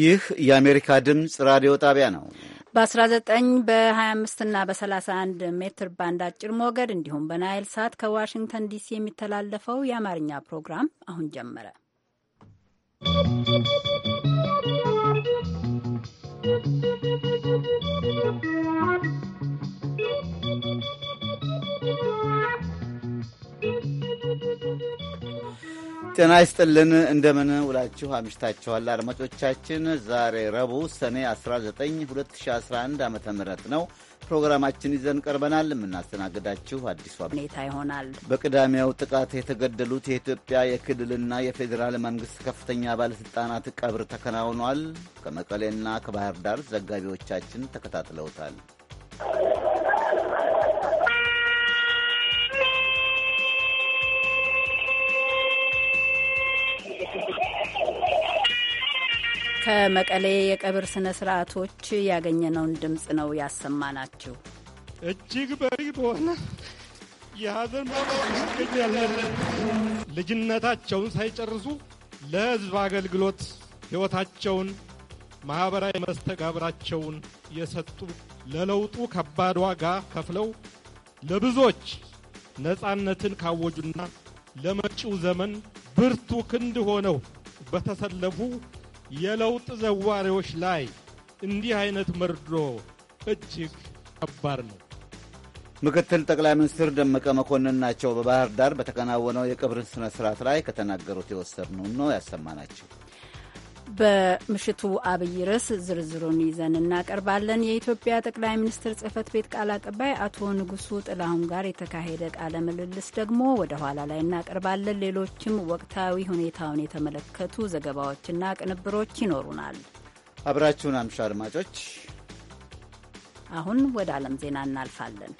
ይህ የአሜሪካ ድምፅ ራዲዮ ጣቢያ ነው። በ19 በ25 እና በ31 ሜትር ባንድ አጭር ሞገድ እንዲሁም በናይል ሳት ከዋሽንግተን ዲሲ የሚተላለፈው የአማርኛ ፕሮግራም አሁን ጀመረ። ¶¶ ጤና ይስጥልን እንደምን ውላችሁ አምሽታችኋል አድማጮቻችን። ዛሬ ረቡዕ ሰኔ 19 2011 ዓ ም ነው። ፕሮግራማችን ይዘን ቀርበናል። የምናስተናግዳችሁ አዲሱ ሁኔታ ይሆናል። በቅዳሜው ጥቃት የተገደሉት የኢትዮጵያ የክልልና የፌዴራል መንግስት ከፍተኛ ባለሥልጣናት ቀብር ተከናውኗል። ከመቀሌና ከባህር ዳር ዘጋቢዎቻችን ተከታትለውታል። ከመቀሌ የቀብር ስነ ስርዓቶች ያገኘነውን ድምፅ ነው ያሰማናችሁ። እጅግ በሪ በሆነ የሀዘን ይገኛለን። ልጅነታቸውን ሳይጨርሱ ለህዝብ አገልግሎት ህይወታቸውን ማኅበራዊ መስተጋብራቸውን የሰጡ ለለውጡ ከባድ ዋጋ ከፍለው ለብዙዎች ነፃነትን ካወጁና ለመጪው ዘመን ብርቱ ክንድ ሆነው በተሰለፉ የለውጥ ዘዋሪዎች ላይ እንዲህ አይነት መርዶ እጅግ ከባድ ነው። ምክትል ጠቅላይ ሚኒስትር ደመቀ መኮንን ናቸው። በባህር ዳር በተከናወነው የቀብር ስነ ስርዓት ላይ ከተናገሩት የወሰድነውን ነው ያሰማናቸው። በምሽቱ አብይ ርዕስ ዝርዝሩን ይዘን እናቀርባለን። የኢትዮጵያ ጠቅላይ ሚኒስትር ጽህፈት ቤት ቃል አቀባይ አቶ ንጉሱ ጥላሁን ጋር የተካሄደ ቃለ ምልልስ ደግሞ ወደ ኋላ ላይ እናቀርባለን። ሌሎችም ወቅታዊ ሁኔታውን የተመለከቱ ዘገባዎችና ቅንብሮች ይኖሩናል። አብራችሁን አምሻ አድማጮች። አሁን ወደ ዓለም ዜና እናልፋለን።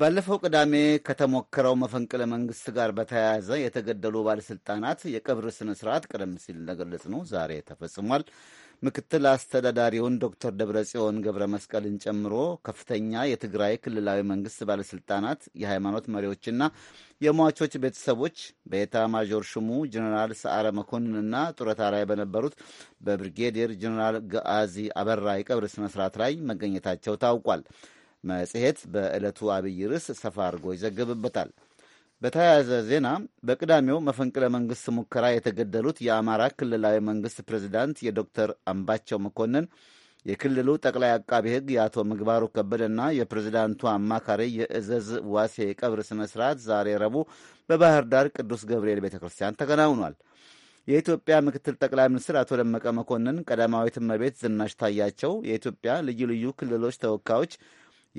ባለፈው ቅዳሜ ከተሞከረው መፈንቅለ መንግስት ጋር በተያያዘ የተገደሉ ባለሥልጣናት የቀብር ስነ ስርዓት ቀደም ሲል ነው ዛሬ ተፈጽሟል። ምክትል አስተዳዳሪውን ዶክተር ደብረጽዮን ገብረ መስቀልን ጨምሮ ከፍተኛ የትግራይ ክልላዊ መንግስት ባለሥልጣናት፣ የሃይማኖት መሪዎችና የሟቾች ቤተሰቦች በኤታ ማዦር ሹሙ ጀኔራል ሰዓረ መኮንንና ጡረታ ላይ በነበሩት በብሪጌዲየር ጀኔራል ገአዚ አበራ የቀብር ስነ ስርዓት ላይ መገኘታቸው ታውቋል። መጽሔት በዕለቱ አብይ ርዕስ ሰፋ አድርጎ ይዘግብበታል። በተያያዘ ዜና በቅዳሜው መፈንቅለ መንግሥት ሙከራ የተገደሉት የአማራ ክልላዊ መንግሥት ፕሬዚዳንት የዶክተር አምባቸው መኮንን የክልሉ ጠቅላይ አቃቢ ሕግ የአቶ ምግባሩ ከበደና የፕሬዚዳንቱ አማካሪ የእዘዝ ዋሴ የቀብር ሥነ ሥርዓት ዛሬ ረቡዕ በባህር ዳር ቅዱስ ገብርኤል ቤተ ክርስቲያን ተከናውኗል። የኢትዮጵያ ምክትል ጠቅላይ ሚኒስትር አቶ ደመቀ መኮንን፣ ቀዳማዊት እመቤት ዝናሽ ታያቸው፣ የኢትዮጵያ ልዩ ልዩ ክልሎች ተወካዮች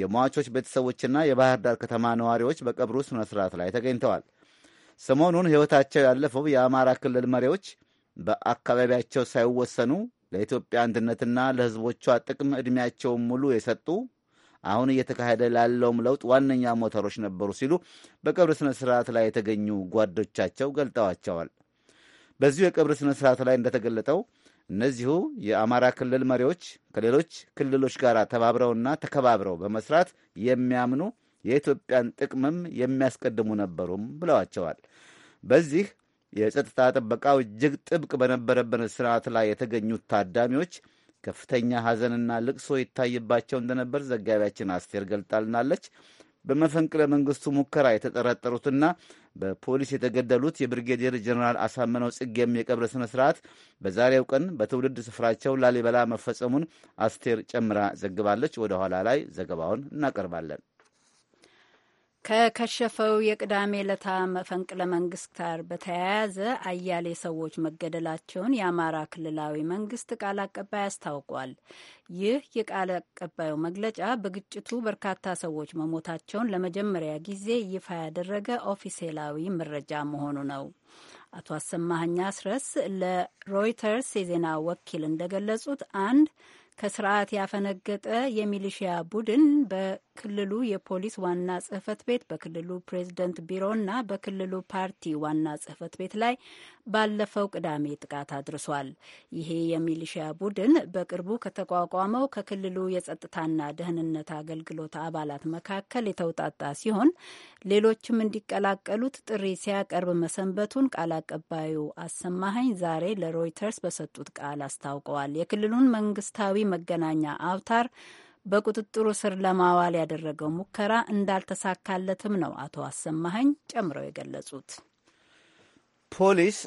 የሟቾች ቤተሰቦችና የባህር ዳር ከተማ ነዋሪዎች በቀብሩ ስነ ሥርዓት ላይ ተገኝተዋል። ሰሞኑን ሕይወታቸው ያለፈው የአማራ ክልል መሪዎች በአካባቢያቸው ሳይወሰኑ ለኢትዮጵያ አንድነትና ለሕዝቦቿ ጥቅም ዕድሜያቸውን ሙሉ የሰጡ አሁን እየተካሄደ ላለውም ለውጥ ዋነኛ ሞተሮች ነበሩ ሲሉ በቀብር ሥነ ሥርዓት ላይ የተገኙ ጓዶቻቸው ገልጠዋቸዋል። በዚሁ የቀብር ስነ ስርዓት ላይ እንደተገለጠው እነዚሁ የአማራ ክልል መሪዎች ከሌሎች ክልሎች ጋር ተባብረውና ተከባብረው በመስራት የሚያምኑ የኢትዮጵያን ጥቅምም የሚያስቀድሙ ነበሩም ብለዋቸዋል። በዚህ የጸጥታ ጥበቃው እጅግ ጥብቅ በነበረበት ስርዓት ላይ የተገኙት ታዳሚዎች ከፍተኛ ሐዘንና ልቅሶ ይታይባቸው እንደነበር ዘጋቢያችን አስቴር ገልጣልናለች። በመፈንቅለ መንግስቱ ሙከራ የተጠረጠሩትና በፖሊስ የተገደሉት የብሪጌዲየር ጀኔራል አሳምነው ጽጌም የቀብረ ስነ ስርዓት በዛሬው ቀን በትውልድ ስፍራቸው ላሊበላ መፈጸሙን አስቴር ጨምራ ዘግባለች። ወደ ኋላ ላይ ዘገባውን እናቀርባለን። ከከሸፈው የቅዳሜ ዕለታ መፈንቅለ መንግስት ጋር በተያያዘ አያሌ ሰዎች መገደላቸውን የአማራ ክልላዊ መንግስት ቃል አቀባይ አስታውቋል። ይህ የቃል አቀባዩ መግለጫ በግጭቱ በርካታ ሰዎች መሞታቸውን ለመጀመሪያ ጊዜ ይፋ ያደረገ ኦፊሴላዊ መረጃ መሆኑ ነው። አቶ አሰማህኛ አስረስ ለሮይተርስ የዜና ወኪል እንደገለጹት አንድ ከስርዓት ያፈነገጠ የሚሊሽያ ቡድን በክልሉ የፖሊስ ዋና ጽህፈት ቤት በክልሉ ፕሬዝደንት ቢሮና በክልሉ ፓርቲ ዋና ጽህፈት ቤት ላይ ባለፈው ቅዳሜ ጥቃት አድርሷል። ይሄ የሚሊሺያ ቡድን በቅርቡ ከተቋቋመው ከክልሉ የጸጥታና ደህንነት አገልግሎት አባላት መካከል የተውጣጣ ሲሆን ሌሎችም እንዲቀላቀሉት ጥሪ ሲያቀርብ መሰንበቱን ቃል አቀባዩ አሰማሀኝ ዛሬ ለሮይተርስ በሰጡት ቃል አስታውቀዋል። የክልሉን መንግስታዊ መገናኛ አውታር በቁጥጥሩ ስር ለማዋል ያደረገው ሙከራ እንዳልተሳካለትም ነው አቶ አሰማኸኝ ጨምረው የገለጹት። ፖሊስ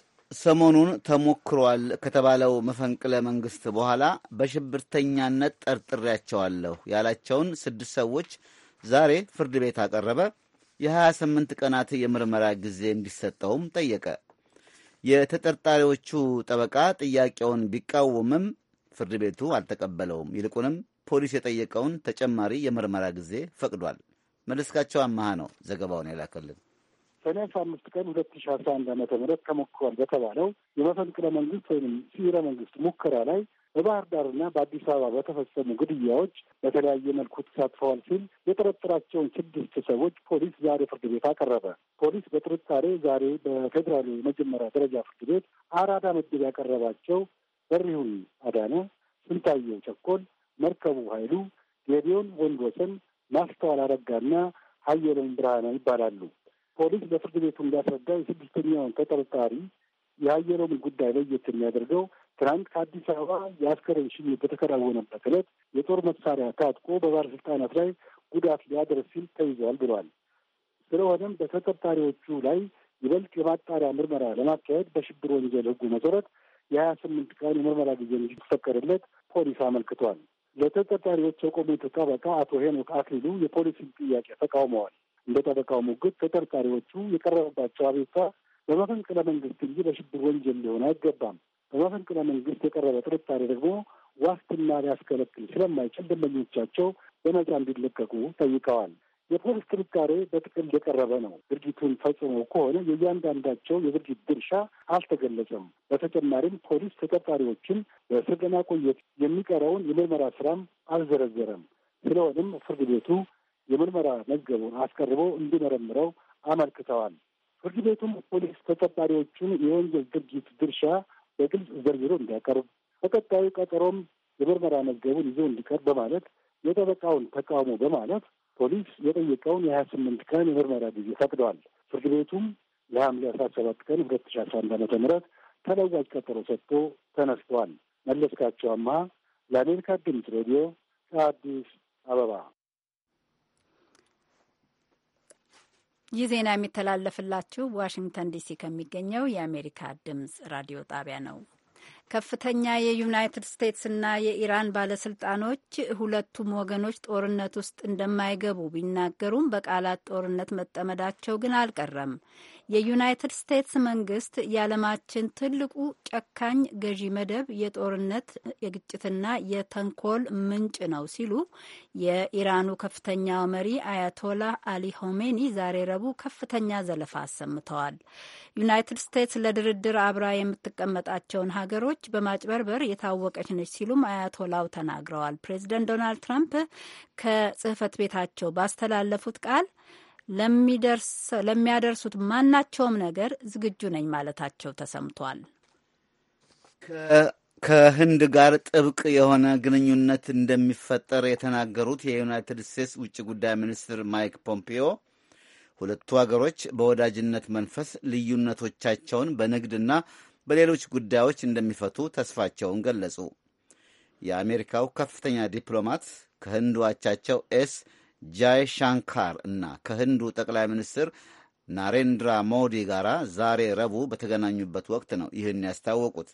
ሰሞኑን ተሞክሯል ከተባለው መፈንቅለ መንግስት በኋላ በሽብርተኛነት ጠርጥሬያቸዋለሁ ያላቸውን ስድስት ሰዎች ዛሬ ፍርድ ቤት አቀረበ። የ28 ቀናት የምርመራ ጊዜ እንዲሰጠውም ጠየቀ። የተጠርጣሪዎቹ ጠበቃ ጥያቄውን ቢቃወምም ፍርድ ቤቱ አልተቀበለውም። ይልቁንም ፖሊስ የጠየቀውን ተጨማሪ የምርመራ ጊዜ ፈቅዷል። መለስካቸው አመሃ ነው ዘገባውን የላከልን። ሰኔ አስራ አምስት ቀን ሁለት ሺ አስራ አንድ ዓመተ ምህረት ተሞክሯል በተባለው የመፈንቅለ መንግስት ወይም ሲረ መንግስት ሙከራ ላይ በባህር ዳርና በአዲስ አበባ በተፈጸሙ ግድያዎች በተለያየ መልኩ ተሳትፈዋል ሲል የጠረጠራቸውን ስድስት ሰዎች ፖሊስ ዛሬ ፍርድ ቤት አቀረበ። ፖሊስ በጥርጣሬ ዛሬ በፌዴራሉ የመጀመሪያ ደረጃ ፍርድ ቤት አራዳ ምድብ ያቀረባቸው በሪሁን አዳነ፣ ስንታየው ቸኮል፣ መርከቡ ኃይሉ፣ ጌዲዮን ወንዶሰን፣ ማስተዋል አረጋና ሀየሎም ብርሃነ ይባላሉ። ፖሊስ በፍርድ ቤቱ እንዳስረዳ የስድስተኛውን ተጠርጣሪ የሀየሎምን ጉዳይ ለየት የሚያደርገው ትናንት ከአዲስ አበባ የአስከሬን ሽኝት በተከናወነበት ዕለት የጦር መሳሪያ ታጥቆ በባለስልጣናት ላይ ጉዳት ሊያደርስ ሲል ተይዟል ብሏል። ስለሆነም በተጠርጣሪዎቹ ላይ ይበልጥ የማጣሪያ ምርመራ ለማካሄድ በሽብር ወንጀል ሕጉ መሰረት የሀያ ስምንት ቀን የምርመራ ጊዜ እንዲፈቀድለት ፖሊስ አመልክቷል። ለተጠርጣሪዎች የቆሙት ጠበቃ አቶ ሄኖክ አክሊሉ የፖሊሲን ጥያቄ ተቃውመዋል። እንደ ጠበቃው ሙግት ተጠርጣሪዎቹ የቀረበባቸው አቤቱታ በመፈንቅለ መንግስት እንጂ በሽብር ወንጀል ሊሆን አይገባም። በመፈንቅለ መንግስት የቀረበ ጥርጣሬ ደግሞ ዋስትና ሊያስከለክል ስለማይችል ደንበኞቻቸው በነጻ እንዲለቀቁ ጠይቀዋል። የፖሊስ ጥንካሬ በጥቅል የቀረበ ነው። ድርጊቱን ፈጽሞ ከሆነ የእያንዳንዳቸው የድርጊት ድርሻ አልተገለጸም። በተጨማሪም ፖሊስ ተጠርጣሪዎችን በእስር ለማቆየት የሚቀረውን የምርመራ ስራም አልዘረዘረም። ስለሆነም ፍርድ ቤቱ የምርመራ መዝገቡን አስቀርቦ እንዲመረምረው አመልክተዋል። ፍርድ ቤቱም ፖሊስ ተጠርጣሪዎቹን የወንጀል ድርጊት ድርሻ በግልጽ ዘርዝሮ እንዲያቀርብ በቀጣዩ ቀጠሮም የምርመራ መዝገቡን ይዞ እንዲቀርብ በማለት የጠበቃውን ተቃውሞ በማለት ፖሊስ የጠየቀውን የሀያ ስምንት ቀን የምርመራ ጊዜ ፈቅደዋል። ፍርድ ቤቱም ለሐምሌ አስራ ሰባት ቀን ሁለት ሺ አስራ አንድ ዓመተ ምህረት ተለዋጭ ቀጠሮ ሰጥቶ ተነስተዋል። መለስካቸው አማ ለአሜሪካ ድምፅ ሬዲዮ ከአዲስ አበባ። ይህ ዜና የሚተላለፍላችሁ ዋሽንግተን ዲሲ ከሚገኘው የአሜሪካ ድምፅ ራዲዮ ጣቢያ ነው። ከፍተኛ የዩናይትድ ስቴትስና የኢራን ባለስልጣኖች ሁለቱም ወገኖች ጦርነት ውስጥ እንደማይገቡ ቢናገሩም በቃላት ጦርነት መጠመዳቸው ግን አልቀረም። የዩናይትድ ስቴትስ መንግስት የዓለማችን ትልቁ ጨካኝ ገዢ መደብ የጦርነት የግጭትና የተንኮል ምንጭ ነው ሲሉ የኢራኑ ከፍተኛው መሪ አያቶላ አሊ ሆሜኒ ዛሬ ረቡዕ ከፍተኛ ዘለፋ አሰምተዋል። ዩናይትድ ስቴትስ ለድርድር አብራ የምትቀመጣቸውን ሀገሮች በማጭበርበር የታወቀች ነች ሲሉም አያቶላው ተናግረዋል። ፕሬዚደንት ዶናልድ ትራምፕ ከጽህፈት ቤታቸው ባስተላለፉት ቃል ለሚያደርሱት ማናቸውም ነገር ዝግጁ ነኝ ማለታቸው ተሰምቷል። ከህንድ ጋር ጥብቅ የሆነ ግንኙነት እንደሚፈጠር የተናገሩት የዩናይትድ ስቴትስ ውጭ ጉዳይ ሚኒስትር ማይክ ፖምፒዮ ሁለቱ አገሮች በወዳጅነት መንፈስ ልዩነቶቻቸውን በንግድና በሌሎች ጉዳዮች እንደሚፈቱ ተስፋቸውን ገለጹ። የአሜሪካው ከፍተኛ ዲፕሎማት ከህንዱ አቻቸው ኤስ ጃይ ሻንካር እና ከህንዱ ጠቅላይ ሚኒስትር ናሬንድራ ሞዲ ጋር ዛሬ ረቡዕ በተገናኙበት ወቅት ነው ይህን ያስታወቁት።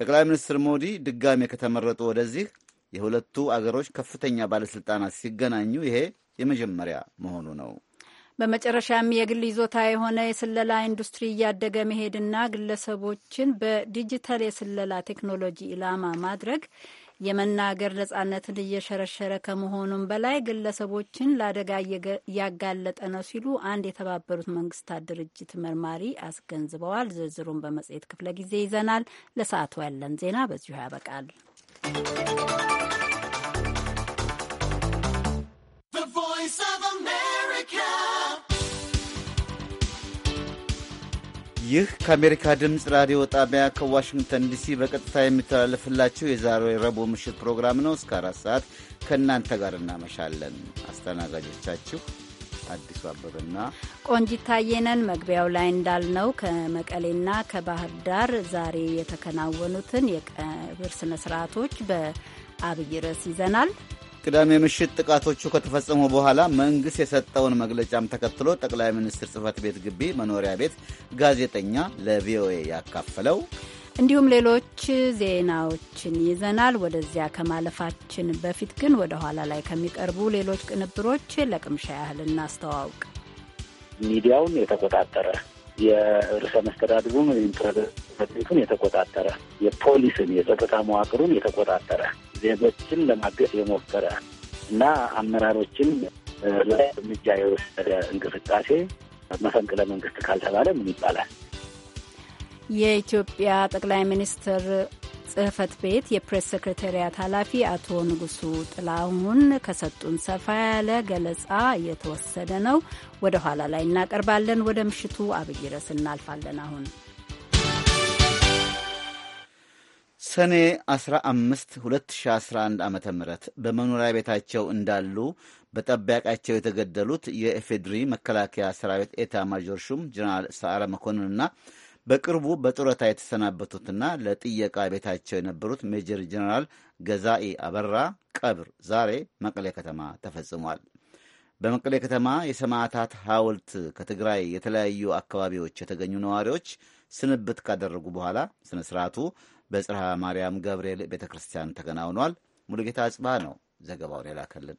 ጠቅላይ ሚኒስትር ሞዲ ድጋሜ ከተመረጡ ወደዚህ የሁለቱ አገሮች ከፍተኛ ባለስልጣናት ሲገናኙ ይሄ የመጀመሪያ መሆኑ ነው። በመጨረሻም የግል ይዞታ የሆነ የስለላ ኢንዱስትሪ እያደገ መሄድና ግለሰቦችን በዲጂታል የስለላ ቴክኖሎጂ ኢላማ ማድረግ የመናገር ነጻነትን እየሸረሸረ ከመሆኑም በላይ ግለሰቦችን ለአደጋ እያጋለጠ ነው ሲሉ አንድ የተባበሩት መንግስታት ድርጅት መርማሪ አስገንዝበዋል። ዝርዝሩን በመጽሔት ክፍለ ጊዜ ይዘናል። ለሰዓቱ ያለን ዜና በዚሁ ያበቃል። ይህ ከአሜሪካ ድምፅ ራዲዮ ጣቢያ ከዋሽንግተን ዲሲ በቀጥታ የሚተላለፍላችሁ የዛሬ የረቡዕ ምሽት ፕሮግራም ነው። እስከ አራት ሰዓት ከእናንተ ጋር እናመሻለን። አስተናጋጆቻችሁ አዲሱ አበበና ቆንጂት ታየ መግቢያው ላይ እንዳልነው ከመቀሌና ከባህር ዳር ዛሬ የተከናወኑትን የቀብር ስነ ስርዓቶች በአብይ ርዕስ ይዘናል። ቅዳሜ ምሽት ጥቃቶቹ ከተፈጸሙ በኋላ መንግሥት የሰጠውን መግለጫም ተከትሎ ጠቅላይ ሚኒስትር ጽህፈት ቤት ግቢ መኖሪያ ቤት ጋዜጠኛ ለቪኦኤ ያካፈለው እንዲሁም ሌሎች ዜናዎችን ይዘናል። ወደዚያ ከማለፋችን በፊት ግን ወደ ኋላ ላይ ከሚቀርቡ ሌሎች ቅንብሮች ለቅምሻ ያህል እናስተዋውቅ። ሚዲያውን የተቆጣጠረ የርዕሰ መስተዳድሩን ወይም ጽህፈት ቤቱን የተቆጣጠረ የፖሊስን የጸጥታ መዋቅሩን የተቆጣጠረ ዜጎችን ለማገስ የሞከረ እና አመራሮችን ላይ እርምጃ የወሰደ እንቅስቃሴ መፈንቅለ መንግስት ካልተባለ ምን ይባላል? የኢትዮጵያ ጠቅላይ ሚኒስትር ጽህፈት ቤት የፕሬስ ሴክሬታሪያት ኃላፊ አቶ ንጉሱ ጥላሁን ከሰጡን ሰፋ ያለ ገለጻ የተወሰደ ነው። ወደ ኋላ ላይ እናቀርባለን። ወደ ምሽቱ አብይ ርዕስ እናልፋለን አሁን ሰኔ 15 2011 ዓ ም በመኖሪያ ቤታቸው እንዳሉ በጠባቂያቸው የተገደሉት የኢፌድሪ መከላከያ ሰራዊት ኤታ ማጆር ሹም ጀነራል ሰዓረ መኮንንና በቅርቡ በጡረታ የተሰናበቱትና ለጥየቃ ቤታቸው የነበሩት ሜጀር ጀነራል ገዛኢ አበራ ቀብር ዛሬ መቀሌ ከተማ ተፈጽሟል። በመቀሌ ከተማ የሰማዕታት ሐውልት ከትግራይ የተለያዩ አካባቢዎች የተገኙ ነዋሪዎች ስንብት ካደረጉ በኋላ ስነ ስርዓቱ በጽርሐ ማርያም ገብርኤል ቤተ ክርስቲያን ተከናውኗል። ሙሉጌታ አጽባ ነው ዘገባውን የላከልን።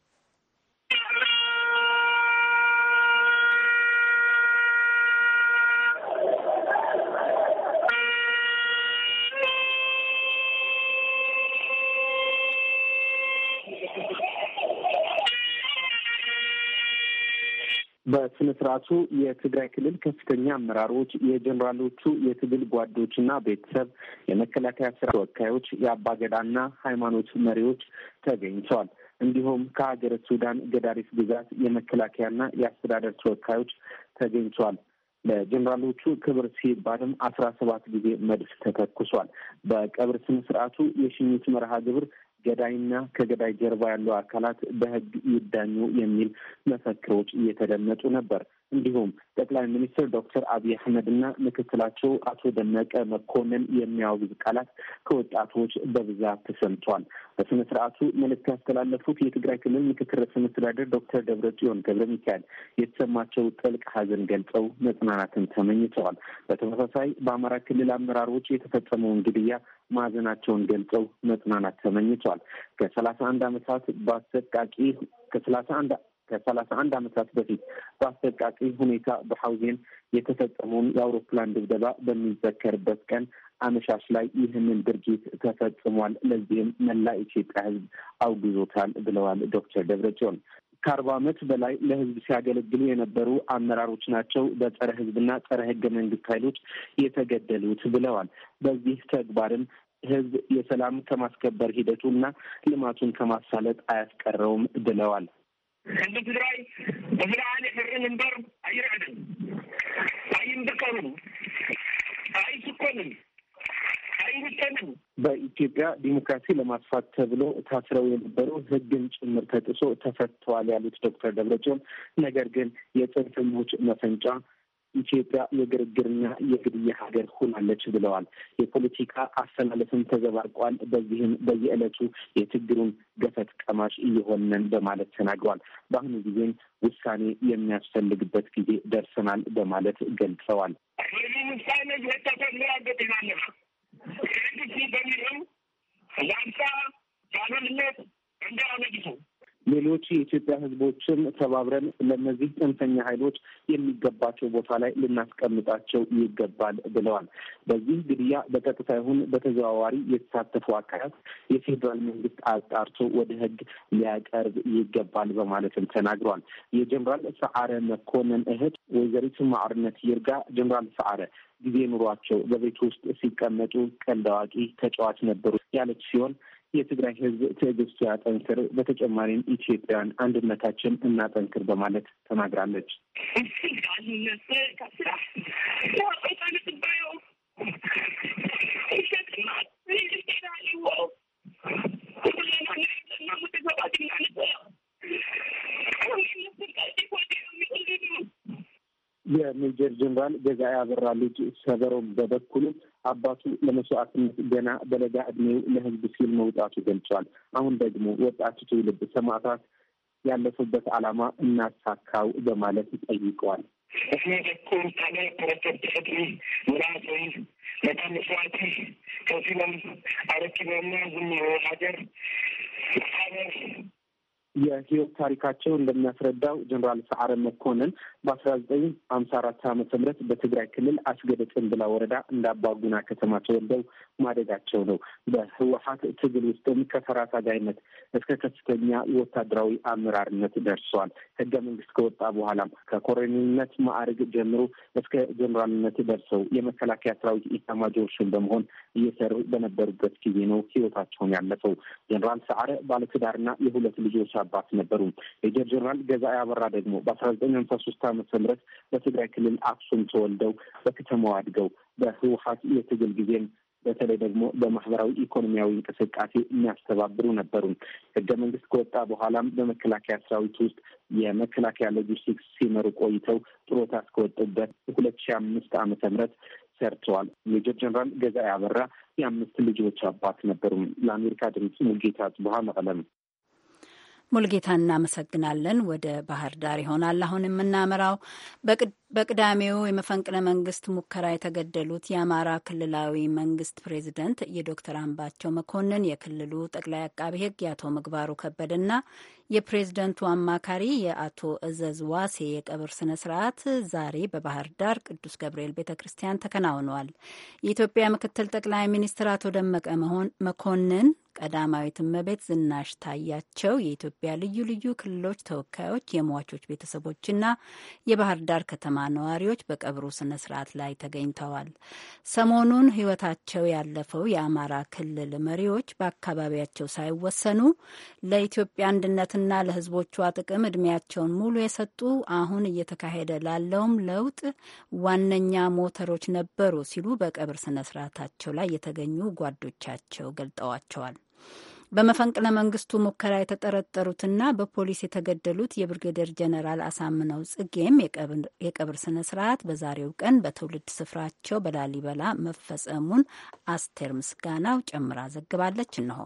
በስነ ስርዓቱ የትግራይ ክልል ከፍተኛ አመራሮች፣ የጀኔራሎቹ የትግል ጓዶችና ቤተሰብ፣ የመከላከያ ስራ ተወካዮች፣ የአባገዳና ሃይማኖት መሪዎች ተገኝተዋል። እንዲሁም ከሀገረ ሱዳን ገዳሪፍ ግዛት የመከላከያና የአስተዳደር ተወካዮች ተገኝተዋል። ለጀኔራሎቹ ክብር ሲባልም አስራ ሰባት ጊዜ መድፍ ተተኩሷል። በቀብር ስነ ስርዓቱ የሽኝት መርሃ ግብር ገዳይና ከገዳይ ጀርባ ያለው አካላት በህግ ይዳኙ የሚል መፈክሮች እየተደመጡ ነበር። እንዲሁም ጠቅላይ ሚኒስትር ዶክተር አብይ አህመድ እና ምክትላቸው አቶ ደመቀ መኮንን የሚያወግዝ ቃላት ከወጣቶች በብዛት ተሰምቷል። በስነ ስርዓቱ መልእክት ያስተላለፉት የትግራይ ክልል ምክትል ርዕሰ መስተዳደር ዶክተር ጽዮን ገብረ ሚካኤል የተሰማቸው ጥልቅ ሐዘን ገልጸው መጽናናትን ተመኝተዋል። በተመሳሳይ በአማራ ክልል አመራሮች የተፈጸመውን ግድያ ማዘናቸውን ገልጸው መጽናናት ተመኝተዋል። ከሰላሳ አንድ ዓመታት በአሰቃቂ ከሰላሳ አንድ ከሰላሳ አንድ ዓመታት በፊት በአሰቃቂ ሁኔታ በሐውዜን የተፈጸመውን የአውሮፕላን ድብደባ በሚዘከርበት ቀን አመሻሽ ላይ ይህንን ድርጊት ተፈጽሟል። ለዚህም መላ ኢትዮጵያ ሕዝብ አውግዞታል ብለዋል ዶክተር ደብረጽዮን። ከአርባ ዓመት በላይ ለህዝብ ሲያገለግሉ የነበሩ አመራሮች ናቸው በጸረ ህዝብና ጸረ ህገ መንግስት ኃይሎች የተገደሉት ብለዋል። በዚህ ተግባርም ህዝብ የሰላም ከማስከበር ሂደቱ እና ልማቱን ከማሳለጥ አያስቀረውም ብለዋል። ህዝቢ ትግራይ ብዝለዓለ ሕርን እምበር ኣይርዕድን ኣይንድቀምን ኣይስኮንን በኢትዮጵያ ዲሞክራሲ ለማስፋት ተብሎ ታስረው የነበሩ ህግን ጭምር ተጥሶ ተፈተዋል ያሉት ዶክተር ደብረጽዮን ነገር ግን የጽንፈኞች መፈንጫ ኢትዮጵያ የግርግርና የግድያ ሀገር ሆናለች ብለዋል። የፖለቲካ አሰላለፍም ተዘባርቋል። በዚህም በየዕለቱ የችግሩን ገፈት ቀማሽ እየሆነን በማለት ተናግሯል። በአሁኑ ጊዜም ውሳኔ የሚያስፈልግበት ጊዜ ደርሰናል በማለት ገልጸዋል። ውሳኔ በሚለው እንደ ሌሎች የኢትዮጵያ ህዝቦችም ተባብረን ለእነዚህ ጽንፈኛ ኃይሎች የሚገባቸው ቦታ ላይ ልናስቀምጣቸው ይገባል ብለዋል። በዚህ ግድያ በቀጥታ ይሁን በተዘዋዋሪ የተሳተፉ አካላት የፌዴራል መንግስት አጣርቶ ወደ ህግ ሊያቀርብ ይገባል በማለትም ተናግሯል። የጀኔራል ሰዓረ መኮንን እህት ወይዘሪት ማዕርነት ይርጋ ጀኔራል ሰዓረ ጊዜ ኑሯቸው በቤት ውስጥ ሲቀመጡ ቀልድ አዋቂ ተጫዋች ነበሩ ያለች ሲሆን የትግራይ ህዝብ ትዕግስቱ ያጠንክር፣ በተጨማሪም ኢትዮጵያን አንድነታችን እናጠንክር በማለት ተናግራለች። የሜጀር ጀኔራል ገዛ አበራ ልጅ ሰበሮም በበኩሉ አባቱ ለመስዋዕትነት ገና በለጋ እድሜው ለህዝብ ሲል መውጣቱ ገልጿል። አሁን ደግሞ ወጣቱ ትውልድ ሰማዕታት ያለፉበት ዓላማ እናሳካው በማለት ይጠይቀዋል። የህይወት ታሪካቸው እንደሚያስረዳው ጀኔራል ሰዓረ መኮንን በአስራ ዘጠኝ ሀምሳ አራት ዓመተ ምህረት በትግራይ ክልል አስገደ ጽምብላ ወረዳ እንደ አባጉና ከተማ ተወልደው ማደጋቸው ነው። በህወሀት ትግል ውስጥም ከተራሳዳይነት እስከ ከፍተኛ ወታደራዊ አመራርነት ደርሰዋል። ህገ መንግስት ከወጣ በኋላም ከኮሎኔልነት ማዕረግ ጀምሮ እስከ ጀኔራልነት ደርሰው የመከላከያ ሰራዊት ኢታማዦር ሹም በመሆን እየሰሩ በነበሩበት ጊዜ ነው ህይወታቸውን ያለፈው። ጀኔራል ሰዓረ ባለትዳርና የሁለት ልጆች አባት ነበሩ። ሜጀር ጀኔራል ገዛኢ አበራ ደግሞ በአስራ ዘጠኝ ሀምሳ ሶስት ዓመተ ምህረት በትግራይ ክልል አክሱም ተወልደው በከተማዋ አድገው በህወሀት የትግል ጊዜም በተለይ ደግሞ በማህበራዊ ኢኮኖሚያዊ እንቅስቃሴ የሚያስተባብሩ ነበሩ። ህገ መንግስት ከወጣ በኋላም በመከላከያ ሰራዊት ውስጥ የመከላከያ ሎጂስቲክስ ሲመሩ ቆይተው ጥሮታ እስከወጡበት ሁለት ሺ አምስት ዓመተ ምህረት ሰርተዋል። ሜጀር ጀኔራል ገዛ ያበራ የአምስት ልጆች አባት ነበሩ። ለአሜሪካ ድምፅ ሙልጌታ ጽቡሃ መቀለም ሙልጌታ እናመሰግናለን። ወደ ባህር ዳር ይሆናል አሁን የምናመራው። በቅዳሜው የመፈንቅለ መንግስት ሙከራ የተገደሉት የአማራ ክልላዊ መንግስት ፕሬዚደንት የዶክተር አምባቸው መኮንን፣ የክልሉ ጠቅላይ አቃቢ ሕግ የአቶ ምግባሩ ከበደና የፕሬዝደንቱ አማካሪ የአቶ እዘዝ ዋሴ የቀብር ስነ ስርዓት ዛሬ በባህር ዳር ቅዱስ ገብርኤል ቤተ ክርስቲያን ተከናውኗል። የኢትዮጵያ ምክትል ጠቅላይ ሚኒስትር አቶ ደመቀ መኮንን ቀዳማዊት እመቤት ዝናሽ ታያቸው፣ የኢትዮጵያ ልዩ ልዩ ክልሎች ተወካዮች፣ የሟቾች ቤተሰቦችና የባህር ዳር ከተማ ነዋሪዎች በቀብሩ ስነ ስርዓት ላይ ተገኝተዋል። ሰሞኑን ህይወታቸው ያለፈው የአማራ ክልል መሪዎች በአካባቢያቸው ሳይወሰኑ ለኢትዮጵያ አንድነትና ለህዝቦቿ ጥቅም እድሜያቸውን ሙሉ የሰጡ አሁን እየተካሄደ ላለውም ለውጥ ዋነኛ ሞተሮች ነበሩ ሲሉ በቀብር ስነ ስርዓታቸው ላይ የተገኙ ጓዶቻቸው ገልጠዋቸዋል። በመፈንቅለ መንግስቱ ሙከራ የተጠረጠሩትና በፖሊስ የተገደሉት የብርጌዴር ጀነራል አሳምነው ጽጌም የቀብር ስነ ስርዓት በዛሬው ቀን በትውልድ ስፍራቸው በላሊበላ መፈጸሙን አስቴር ምስጋናው ጨምራ ዘግባለች። እንሆ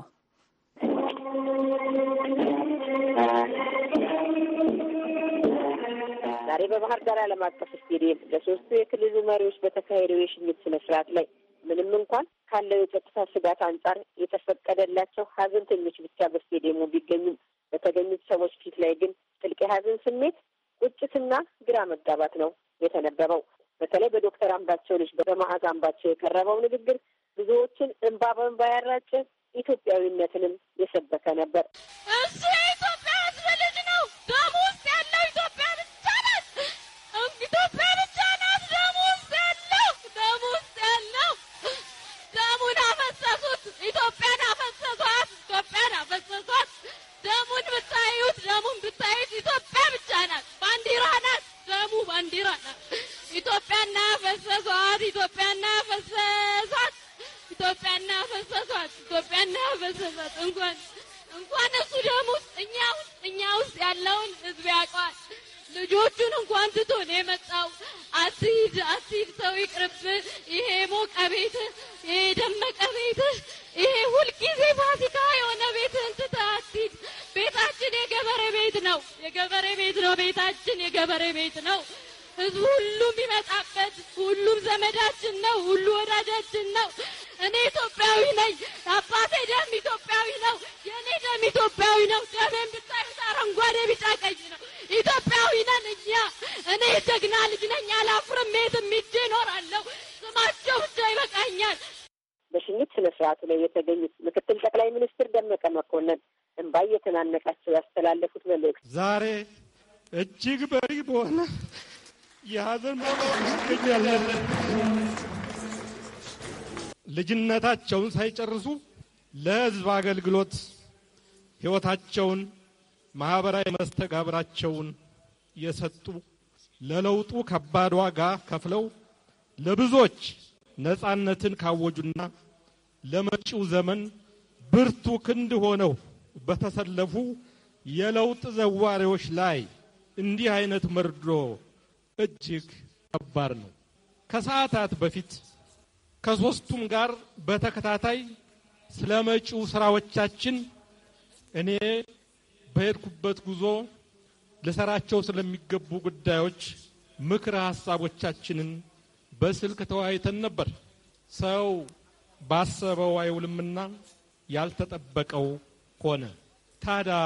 ዛሬ በባህር ዳር ዓለም አቀፍ ስቴዲየም ለሶስቱ የክልሉ መሪዎች በተካሄደው የሽኝት ስነ ስርዓት ላይ ምንም እንኳን ካለው የጸጥታ ስጋት አንጻር የተፈቀደላቸው ሀዘንተኞች ብቻ በስቴዲየሙ ቢገኙም በተገኙት ሰዎች ፊት ላይ ግን ጥልቅ የሀዘን ስሜት፣ ቁጭትና ግራ መጋባት ነው የተነበበው። በተለይ በዶክተር አምባቸው ልጅ በመዓዛ አምባቸው የቀረበው ንግግር ብዙዎችን እንባ በእንባ ያራጨ ኢትዮጵያዊነትንም የሰበከ ነበር። ብታዩት ደሙን ብታዩት ኢትዮጵያ ብቻ ናት፣ ባንዲራ ናት። ደሙ ባንዲራ ናት። ኢትዮጵያና ፈሰሷት፣ ኢትዮጵያና ፈሰሷት፣ ኢትዮጵያና ፈሰሷት፣ ኢትዮጵያና ፈሰሷት። እንኳን እንኳን እሱ ደሙ እኛ ውስጥ እኛ ውስጥ ያለውን ህዝብ ያውቀዋል። ልጆቹን እንኳን ትቶ ነው የመጣው። አትሂድ አትሂድ፣ ሰው ይቅርብ፣ ይሄ ሞቀ ቤት፣ ይሄ ደመቀ ቤት፣ ይሄ ሁልጊዜ ፋሲካ የሆነ ቤት እንትታ አትሂድ ቤታችን የገበሬ ቤት ነው። የገበሬ ቤት ነው። ቤታችን የገበሬ ቤት ነው። ህዝቡ ሁሉም ይመጣበት፣ ሁሉም ዘመዳችን ነው። ሁሉ ወዳጃችን ነው። እኔ ኢትዮጵያዊ ነኝ። አባቴ ደም ኢትዮጵያዊ ነው። የእኔ ደም ኢትዮጵያዊ ነው። ደሜን ብታዩት አረንጓዴ፣ ቢጫ፣ ቀይ ነው። ኢትዮጵያዊ ነን እኛ። እኔ ጀግና ልጅ ነኝ። አላፍርም። የትም ሄጄ እኖራለሁ። ስማቸው ብቻ ይበቃኛል። በሽኝት ስነ ስርዓቱ ላይ የተገኙት ምክትል ጠቅላይ ሚኒስትር ደመቀ መኮንን እንባ እየተናነቃቸው ያስተላለፉት መልእክት ዛሬ እጅግ በሪ በሆነ የሀዘን ይገኛለን። ልጅነታቸውን ሳይጨርሱ ለህዝብ አገልግሎት ህይወታቸውን ማህበራዊ መስተጋብራቸውን የሰጡ ለለውጡ ከባድ ዋጋ ከፍለው ለብዙዎች ነጻነትን ካወጁና ለመጪው ዘመን ብርቱ ክንድ ሆነው በተሰለፉ የለውጥ ዘዋሪዎች ላይ እንዲህ አይነት መርዶ እጅግ ከባድ ነው። ከሰዓታት በፊት ከሶስቱም ጋር በተከታታይ ስለ መጪው ስራዎቻችን እኔ በሄድኩበት ጉዞ ልሰራቸው ስለሚገቡ ጉዳዮች ምክረ ሀሳቦቻችንን በስልክ ተወያይተን ነበር። ሰው ባሰበው አይውልምና ያልተጠበቀው ሆነ። ታዲያ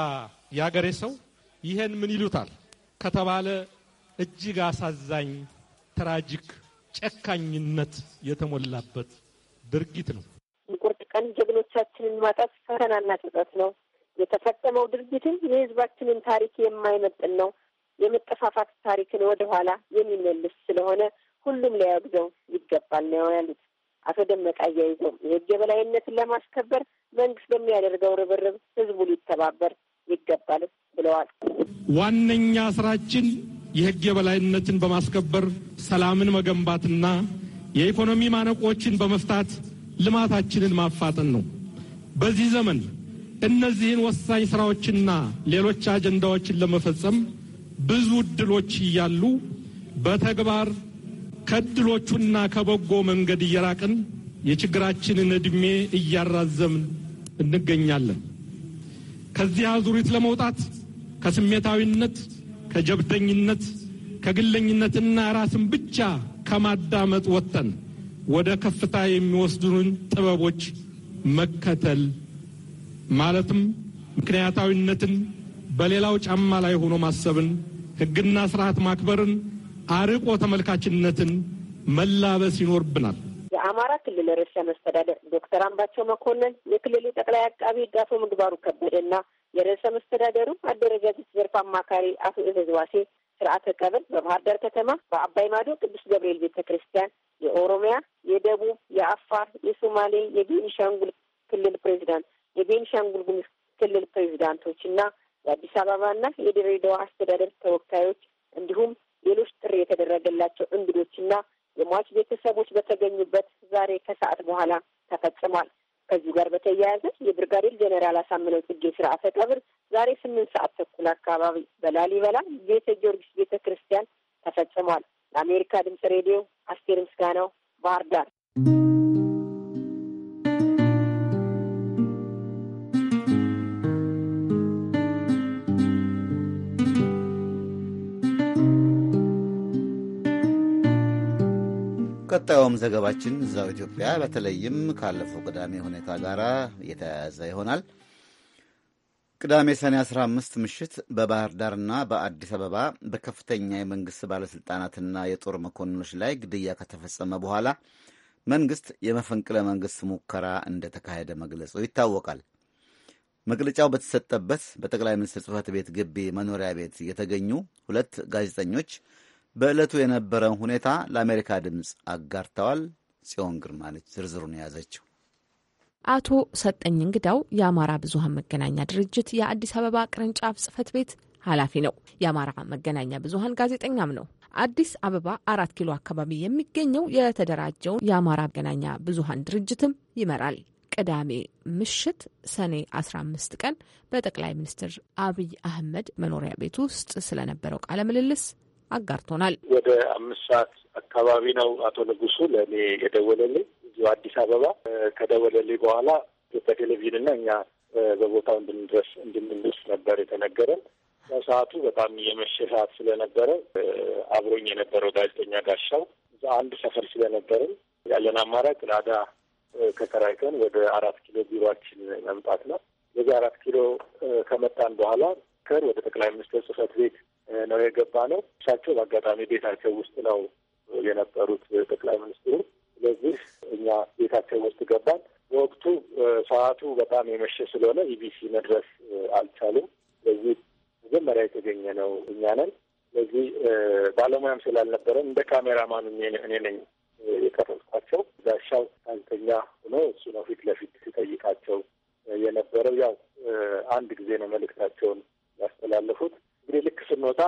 የአገሬ ሰው ይሄን ምን ይሉታል ከተባለ እጅግ አሳዛኝ፣ ትራጂክ፣ ጨካኝነት የተሞላበት ድርጊት ነው። የቁርጥ ቀን ጀግኖቻችንን ማጣት ፈተናና ጭጠት ነው። የተፈጸመው ድርጊትም የሕዝባችንን ታሪክ የማይመጥን ነው። የመጠፋፋት ታሪክን ወደኋላ የሚመልስ ስለሆነ ሁሉም ሊያወግዘው ይገባል ነው ያሉት። አቶ ደመቀ አያይዘው የህግ የበላይነትን ለማስከበር መንግስት በሚያደርገው ርብርብ ህዝቡ ሊተባበር ይገባል ብለዋል። ዋነኛ ስራችን የህግ የበላይነትን በማስከበር ሰላምን መገንባትና የኢኮኖሚ ማነቆችን በመፍታት ልማታችንን ማፋጠን ነው። በዚህ ዘመን እነዚህን ወሳኝ ስራዎችና ሌሎች አጀንዳዎችን ለመፈጸም ብዙ እድሎች እያሉ በተግባር ከድሎቹና ከበጎ መንገድ እየራቅን የችግራችንን ዕድሜ እያራዘምን እንገኛለን። ከዚህ አዙሪት ለመውጣት ከስሜታዊነት፣ ከጀብደኝነት፣ ከግለኝነትና ራስን ብቻ ከማዳመጥ ወጥተን ወደ ከፍታ የሚወስዱን ጥበቦች መከተል ማለትም ምክንያታዊነትን፣ በሌላው ጫማ ላይ ሆኖ ማሰብን፣ ሕግና ስርዓት ማክበርን አርቆ ተመልካችነትን መላበስ ይኖርብናል። የአማራ ክልል ርዕሰ መስተዳደር ዶክተር አምባቸው መኮንን፣ የክልሉ ጠቅላይ አቃቢ ሕግ አቶ ምግባሩ ከበደና የርዕሰ መስተዳደሩ አደረጃጀት ዘርፍ አማካሪ አቶ እዘዝዋሴ ስርዓተ ቀብር በባህር ዳር ከተማ በአባይ ማዶ ቅዱስ ገብርኤል ቤተ ክርስቲያን የኦሮሚያ፣ የደቡብ፣ የአፋር፣ የሶማሌ፣ የቤኒሻንጉል ክልል ፕሬዚዳንት የቤኒሻንጉል ጉሙዝ ክልል ፕሬዚዳንቶች እና የአዲስ አበባና የድሬዳዋ አስተዳደር ተወካዮች እንዲሁም ሌሎች ጥሪ የተደረገላቸው እንግዶችና የሟች ቤተሰቦች በተገኙበት ዛሬ ከሰዓት በኋላ ተፈጽሟል። ከዚሁ ጋር በተያያዘ የብርጋዴር ጄኔራል አሳምነው ጽጌ ስርዓተ ቀብር ዛሬ ስምንት ሰዓት ተኩል አካባቢ በላሊበላ ቤተ ጊዮርጊስ ቤተ ክርስቲያን ተፈጽሟል። ለአሜሪካ ድምጽ ሬዲዮ አስቴር ምስጋናው ባህር ዳር ቀጣዩም ዘገባችን እዛው ኢትዮጵያ በተለይም ካለፈው ቅዳሜ ሁኔታ ጋር የተያያዘ ይሆናል። ቅዳሜ ሰኔ 15 ምሽት በባህር ዳርና በአዲስ አበባ በከፍተኛ የመንግሥት ባለሥልጣናትና የጦር መኮንኖች ላይ ግድያ ከተፈጸመ በኋላ መንግሥት የመፈንቅለ መንግሥት ሙከራ እንደተካሄደ መግለጹ ይታወቃል። መግለጫው በተሰጠበት በጠቅላይ ሚኒስትር ጽሕፈት ቤት ግቢ መኖሪያ ቤት የተገኙ ሁለት ጋዜጠኞች በዕለቱ የነበረውን ሁኔታ ለአሜሪካ ድምፅ አጋርተዋል። ጽዮን ግርማ ነች ዝርዝሩን የያዘችው። አቶ ሰጠኝ እንግዳው የአማራ ብዙሀን መገናኛ ድርጅት የአዲስ አበባ ቅርንጫፍ ጽህፈት ቤት ኃላፊ ነው። የአማራ መገናኛ ብዙሀን ጋዜጠኛም ነው። አዲስ አበባ አራት ኪሎ አካባቢ የሚገኘው የተደራጀውን የአማራ መገናኛ ብዙሀን ድርጅትም ይመራል። ቅዳሜ ምሽት ሰኔ 15 ቀን በጠቅላይ ሚኒስትር አብይ አህመድ መኖሪያ ቤት ውስጥ ስለነበረው ቃለ ምልልስ አጋርቶናል። ወደ አምስት ሰዓት አካባቢ ነው አቶ ንጉሱ ለእኔ የደወለልኝ እዚሁ አዲስ አበባ። ከደወለልኝ በኋላ በቴሌቪዥንና እኛ በቦታው እንድንድረስ እንድንደርስ ነበር የተነገረን። በሰዓቱ በጣም የመሸ ሰዓት ስለነበረ አብሮኝ የነበረው ጋዜጠኛ ጋሻው እዛ አንድ ሰፈር ስለነበርን ያለን አማራጭ ላዳ ከከራይተን ወደ አራት ኪሎ ቢሮችን መምጣት ነው። የዚህ አራት ኪሎ ከመጣን በኋላ ከር ወደ ጠቅላይ ሚኒስትር ጽህፈት ቤት ነው የገባ ነው። እሳቸው በአጋጣሚ ቤታቸው ውስጥ ነው የነበሩት ጠቅላይ ሚኒስትሩ። ስለዚህ እኛ ቤታቸው ውስጥ ገባን። በወቅቱ ሰዓቱ በጣም የመሸ ስለሆነ ኢቢሲ መድረስ አልቻሉም። ስለዚህ መጀመሪያ የተገኘ ነው እኛ ነን። ስለዚህ ባለሙያም ስላልነበረን እንደ ካሜራማን እኔ ነኝ የቀረጽኳቸው። ጋሻው ጋዜጠኛ ሆኖ እሱ ነው ፊት ለፊት ሲጠይቃቸው የነበረው። ያው አንድ ጊዜ ነው መልእክታቸውን ያስተላለፉት። እንግዲህ ልክ ስንወጣ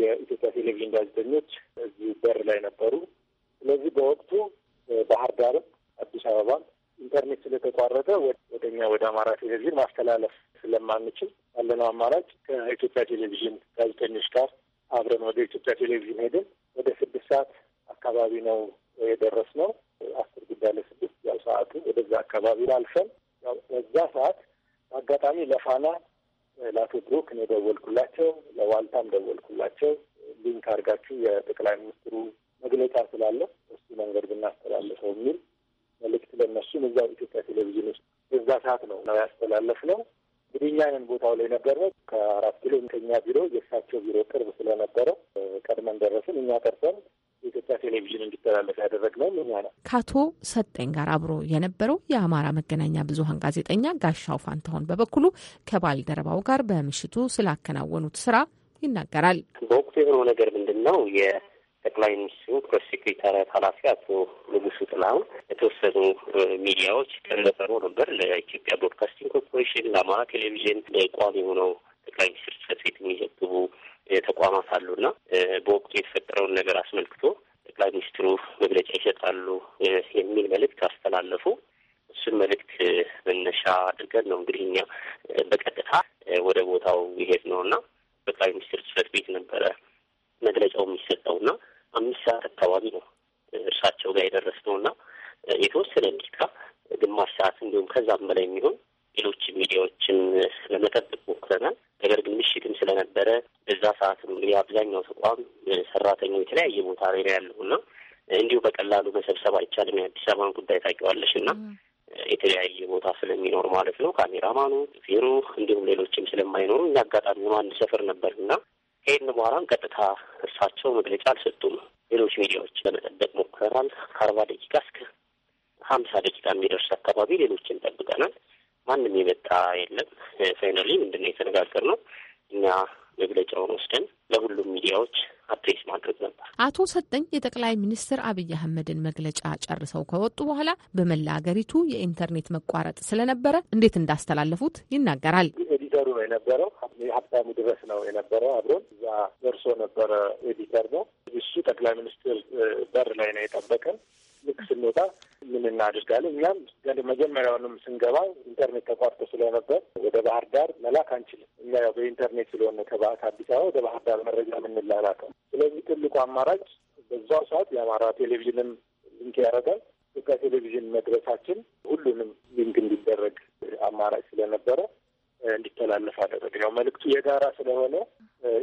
የኢትዮጵያ ቴሌቪዥን ጋዜጠኞች እዚሁ በር ላይ ነበሩ። ስለዚህ በወቅቱ ባህር ዳርም አዲስ አበባም ኢንተርኔት ስለተቋረጠ ወደ እኛ ወደ አማራ ቴሌቪዥን ማስተላለፍ ስለማንችል ያለነው አማራጭ ከኢትዮጵያ ቴሌቪዥን ጋዜጠኞች ጋር አብረን ወደ ኢትዮጵያ ቴሌቪዥን ሄድን። ወደ ስድስት ሰዓት አካባቢ ነው የደረስነው። አስር ጉዳይ ለስድስት ያው ሰዓቱ ወደዛ አካባቢ ላልፈን በዛ ሰዓት አጋጣሚ ለፋና ለአቶ ብሩክ እኔ ደወልኩላቸው፣ ለዋልታም ደወልኩላቸው። ሊንክ አድርጋችሁ የጠቅላይ ሚኒስትሩ መግለጫ ስላለ እሱ መንገድ ብናስተላልፈው የሚል መልእክት ለነሱም እዛው ኢትዮጵያ ቴሌቪዥን ውስጥ እዛ ሰዓት ነው ነው ያስተላለፍ ነው። እንግዲህ እኛንን ቦታው ላይ ነበርነው ከአራት ኪሎ ከኛ ቢሮ የእሳቸው ቢሮ ቅርብ ስለነበረው ቀድመን ደረስን። እኛ ቀርተን የኢትዮጵያ ቴሌቪዥን እንዲተላለፍ ያደረግነው እኛ ነው። ከአቶ ሰጠኝ ጋር አብሮ የነበረው የአማራ መገናኛ ብዙኃን ጋዜጠኛ ጋሻው ፋንታሁን በበኩሉ ከባልደረባው ጋር በምሽቱ ስላከናወኑት ስራ ይናገራል። በወቅቱ የሆነው ነገር ምንድን ነው? የጠቅላይ ሚኒስትሩ ፕሬስ ሴክሬታሪያት ኃላፊ አቶ ንጉሱ ጥላሁን የተወሰኑ ሚዲያዎች ጥሪ ነበር። ለኢትዮጵያ ብሮድካስቲንግ ኮርፖሬሽን፣ ለአማራ ቴሌቪዥን ቋሚ የሆነው ጠቅላይ ሚኒስትር ጽሕፈት ቤት የሚዘግቡ ተቋማት እና በወቅቱ የተፈጠረውን ነገር አስመልክቶ ጠቅላይ ሚኒስትሩ መግለጫ ይሰጣሉ የሚል መልእክት አስተላለፉ። እሱን መልእክት መነሻ አድርገን ነው እንግዲህ እኛ በቀጥታ ወደ ቦታው ይሄድ ነው እና ጠቅላይ ሚኒስትር ጽህፈት ቤት ነበረ መግለጫው የሚሰጠው እና አምስት ሰዓት አካባቢ ነው እርሳቸው ጋር ነው እና የተወሰነ ደቂቃ ግማሽ ሰዓት እንዲሁም ከዛም በላይ የሚሆን ሌሎች ሚዲያዎችን ለመጠበቅ ሞክረናል። ምሽትም ስለነበረ በዛ ሰዓትም እንግዲህ አብዛኛው ተቋም ሰራተኛው የተለያየ ቦታ ላይ ነው ያለው እና እንዲሁ በቀላሉ መሰብሰብ አይቻልም። የአዲስ አበባን ጉዳይ ታውቂዋለሽ እና የተለያየ ቦታ ስለሚኖር ማለት ነው ካሜራማኑ፣ ዜሮ እንዲሁም ሌሎችም ስለማይኖሩ እኛ አጋጣሚ ሆኖ አንድ ሰፈር ነበር እና ከሄድን በኋላም ቀጥታ እርሳቸው መግለጫ አልሰጡም። ሌሎች ሚዲያዎች ለመጠበቅ ሞክረናል። ከአርባ ደቂቃ እስከ ሀምሳ ደቂቃ የሚደርስ አካባቢ ሌሎችን ጠብቀናል። ማንም የመጣ የለም። ፋይናሊ ምንድን ነው የተነጋገርነው እኛ መግለጫውን ወስደን ለሁሉም ሚዲያዎች አፕሬስ ማድረግ ነበር። አቶ ሰጠኝ የጠቅላይ ሚኒስትር አብይ አህመድን መግለጫ ጨርሰው ከወጡ በኋላ በመላ ሀገሪቱ የኢንተርኔት መቋረጥ ስለነበረ እንዴት እንዳስተላለፉት ይናገራል። ኤዲተሩ ነው የነበረው፣ ሀብታሙ ድረስ ነው የነበረው አብሮን እዛ ደርሶ ነበረ። ኤዲተር ነው እሱ። ጠቅላይ ሚኒስትር በር ላይ ነው የጠበቀን ልክ ስንወጣ ምን እናድርጋለን? እኛም መጀመሪያውንም ስንገባ ኢንተርኔት ተቋርጦ ስለነበር ወደ ባህር ዳር መላክ አንችልም። እኛ ያው በኢንተርኔት ስለሆነ ከባት አዲስ አበባ ወደ ባህር ዳር መረጃ የምንላላከው። ስለዚህ ትልቁ አማራጭ በዛው ሰዓት የአማራ ቴሌቪዥንም ሊንክ ያደርጋል። ኢትዮጵያ ቴሌቪዥን መድረሳችን ሁሉንም ሊንክ እንዲደረግ አማራጭ ስለነበረ እንዲተላለፍ አደረገ። ያው መልእክቱ የጋራ ስለሆነ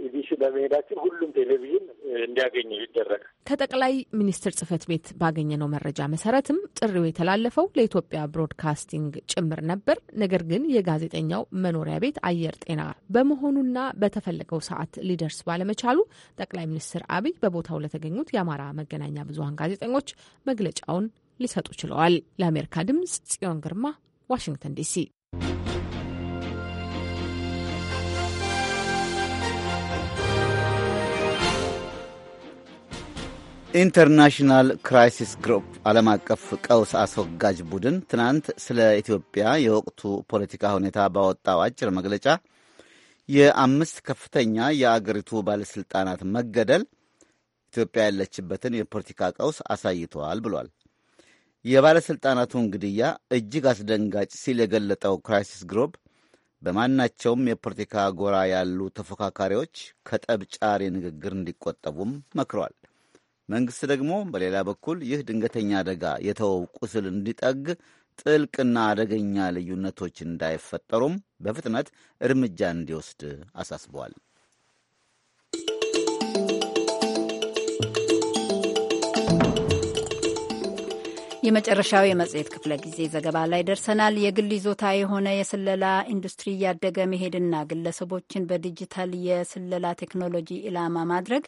ኢቢሲ በመሄዳችን ሁሉም ቴሌቪዥን እንዲያገኝ ይደረግ። ከጠቅላይ ሚኒስትር ጽህፈት ቤት ባገኘነው መረጃ መሰረትም ጥሪው የተላለፈው ለኢትዮጵያ ብሮድካስቲንግ ጭምር ነበር። ነገር ግን የጋዜጠኛው መኖሪያ ቤት አየር ጤና በመሆኑና በተፈለገው ሰዓት ሊደርስ ባለመቻሉ ጠቅላይ ሚኒስትር አብይ በቦታው ለተገኙት የአማራ መገናኛ ብዙሀን ጋዜጠኞች መግለጫውን ሊሰጡ ችለዋል። ለአሜሪካ ድምጽ ጽዮን ግርማ ዋሽንግተን ዲሲ ኢንተርናሽናል ክራይሲስ ግሩፕ ዓለም አቀፍ ቀውስ አስወጋጅ ቡድን ትናንት ስለ ኢትዮጵያ የወቅቱ ፖለቲካ ሁኔታ ባወጣው አጭር መግለጫ የአምስት ከፍተኛ የአገሪቱ ባለሥልጣናት መገደል ኢትዮጵያ ያለችበትን የፖለቲካ ቀውስ አሳይተዋል ብሏል። የባለሥልጣናቱን ግድያ እጅግ አስደንጋጭ ሲል የገለጠው ክራይሲስ ግሩፕ በማናቸውም የፖለቲካ ጎራ ያሉ ተፎካካሪዎች ከጠብጫሪ ንግግር እንዲቆጠቡም መክረዋል። መንግሥት ደግሞ በሌላ በኩል ይህ ድንገተኛ አደጋ የተወው ቁስል እንዲጠግ ጥልቅና አደገኛ ልዩነቶች እንዳይፈጠሩም በፍጥነት እርምጃ እንዲወስድ አሳስበዋል። የመጨረሻው የመጽሔት ክፍለ ጊዜ ዘገባ ላይ ደርሰናል። የግል ይዞታ የሆነ የስለላ ኢንዱስትሪ እያደገ መሄድና ግለሰቦችን በዲጂታል የስለላ ቴክኖሎጂ ኢላማ ማድረግ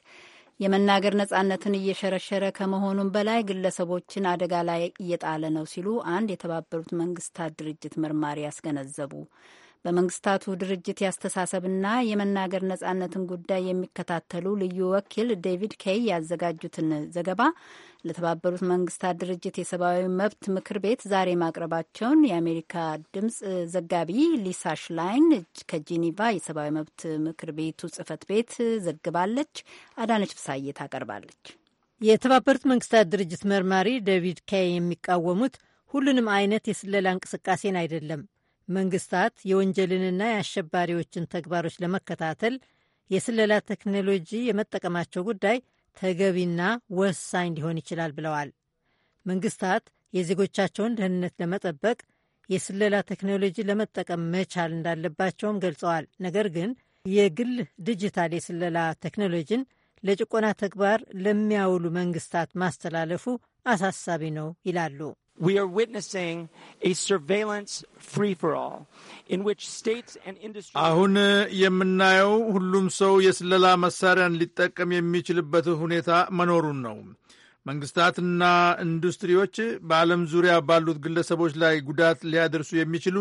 የመናገር ነጻነትን እየሸረሸረ ከመሆኑም በላይ ግለሰቦችን አደጋ ላይ እየጣለ ነው ሲሉ አንድ የተባበሩት መንግስታት ድርጅት መርማሪ ያስገነዘቡ። በመንግስታቱ ድርጅት የአስተሳሰብና የመናገር ነጻነትን ጉዳይ የሚከታተሉ ልዩ ወኪል ዴቪድ ኬይ ያዘጋጁትን ዘገባ ለተባበሩት መንግስታት ድርጅት የሰብአዊ መብት ምክር ቤት ዛሬ ማቅረባቸውን የአሜሪካ ድምፅ ዘጋቢ ሊሳ ሽላይን ከጂኒቫ የሰብአዊ መብት ምክር ቤቱ ጽህፈት ቤት ዘግባለች። አዳነች ፍሳዬ ታቀርባለች። የተባበሩት መንግስታት ድርጅት መርማሪ ዴቪድ ኬይ የሚቃወሙት ሁሉንም አይነት የስለላ እንቅስቃሴን አይደለም መንግስታት የወንጀልንና የአሸባሪዎችን ተግባሮች ለመከታተል የስለላ ቴክኖሎጂ የመጠቀማቸው ጉዳይ ተገቢና ወሳኝ ሊሆን ይችላል ብለዋል። መንግስታት የዜጎቻቸውን ደህንነት ለመጠበቅ የስለላ ቴክኖሎጂ ለመጠቀም መቻል እንዳለባቸውም ገልጸዋል። ነገር ግን የግል ዲጂታል የስለላ ቴክኖሎጂን ለጭቆና ተግባር ለሚያውሉ መንግስታት ማስተላለፉ አሳሳቢ ነው ይላሉ። we are witnessing a surveillance free for all in which states and industries. አሁን uh, የምናየው ሁሉም ሰው የስለላ መሳሪያን ሊጠቀም የሚችልበት ሁኔታ መኖሩን ነው። መንግስታትና ኢንዱስትሪዎች በዓለም ዙሪያ ባሉት ግለሰቦች ላይ ጉዳት ሊያደርሱ የሚችሉ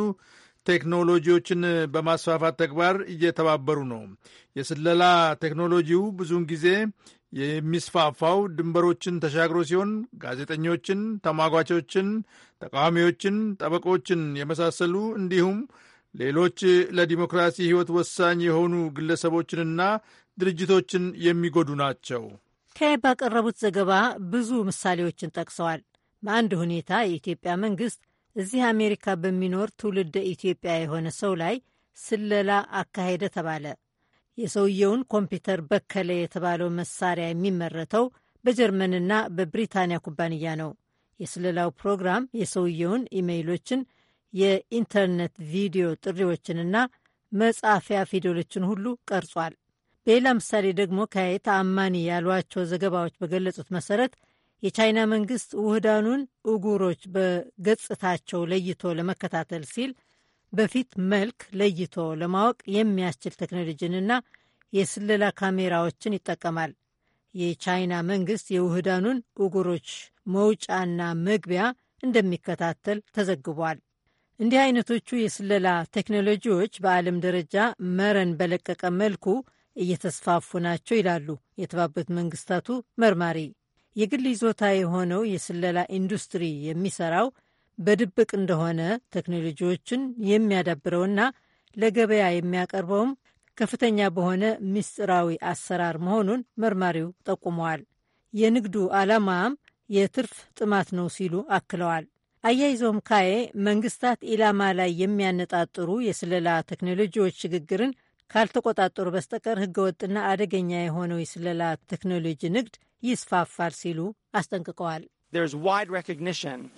ቴክኖሎጂዎችን በማስፋፋት ተግባር እየተባበሩ ነው። የስለላ ቴክኖሎጂው ብዙውን ጊዜ የሚስፋፋው ድንበሮችን ተሻግሮ ሲሆን ጋዜጠኞችን፣ ተሟጓቾችን፣ ተቃዋሚዎችን፣ ጠበቆችን የመሳሰሉ እንዲሁም ሌሎች ለዲሞክራሲ ሕይወት ወሳኝ የሆኑ ግለሰቦችንና ድርጅቶችን የሚጎዱ ናቸው። ከየት ባቀረቡት ዘገባ ብዙ ምሳሌዎችን ጠቅሰዋል። በአንድ ሁኔታ የኢትዮጵያ መንግስት እዚህ አሜሪካ በሚኖር ትውልደ ኢትዮጵያ የሆነ ሰው ላይ ስለላ አካሄደ ተባለ። የሰውየውን ኮምፒውተር በከለ የተባለው መሳሪያ የሚመረተው በጀርመንና በብሪታንያ ኩባንያ ነው። የስለላው ፕሮግራም የሰውየውን ኢሜይሎችን፣ የኢንተርኔት ቪዲዮ ጥሪዎችንና መጻፊያ ፊደሎችን ሁሉ ቀርጿል። በሌላ ምሳሌ ደግሞ ከየት አማኒ ያሏቸው ዘገባዎች በገለጹት መሰረት የቻይና መንግስት ውህዳኑን እጉሮች በገጽታቸው ለይቶ ለመከታተል ሲል በፊት መልክ ለይቶ ለማወቅ የሚያስችል ቴክኖሎጂንና የስለላ ካሜራዎችን ይጠቀማል። የቻይና መንግስት የውህዳኑን እጉሮች መውጫና መግቢያ እንደሚከታተል ተዘግቧል። እንዲህ አይነቶቹ የስለላ ቴክኖሎጂዎች በዓለም ደረጃ መረን በለቀቀ መልኩ እየተስፋፉ ናቸው ይላሉ የተባበሩት መንግስታቱ መርማሪ። የግል ይዞታ የሆነው የስለላ ኢንዱስትሪ የሚሰራው በድብቅ እንደሆነ ቴክኖሎጂዎችን የሚያዳብረውና ለገበያ የሚያቀርበውም ከፍተኛ በሆነ ምስጢራዊ አሰራር መሆኑን መርማሪው ጠቁመዋል። የንግዱ ዓላማም የትርፍ ጥማት ነው ሲሉ አክለዋል። አያይዘውም ካዬ መንግስታት ኢላማ ላይ የሚያነጣጥሩ የስለላ ቴክኖሎጂዎች ሽግግርን ካልተቆጣጠሩ በስተቀር ህገወጥና አደገኛ የሆነው የስለላ ቴክኖሎጂ ንግድ ይስፋፋል ሲሉ አስጠንቅቀዋል። there's wide recognition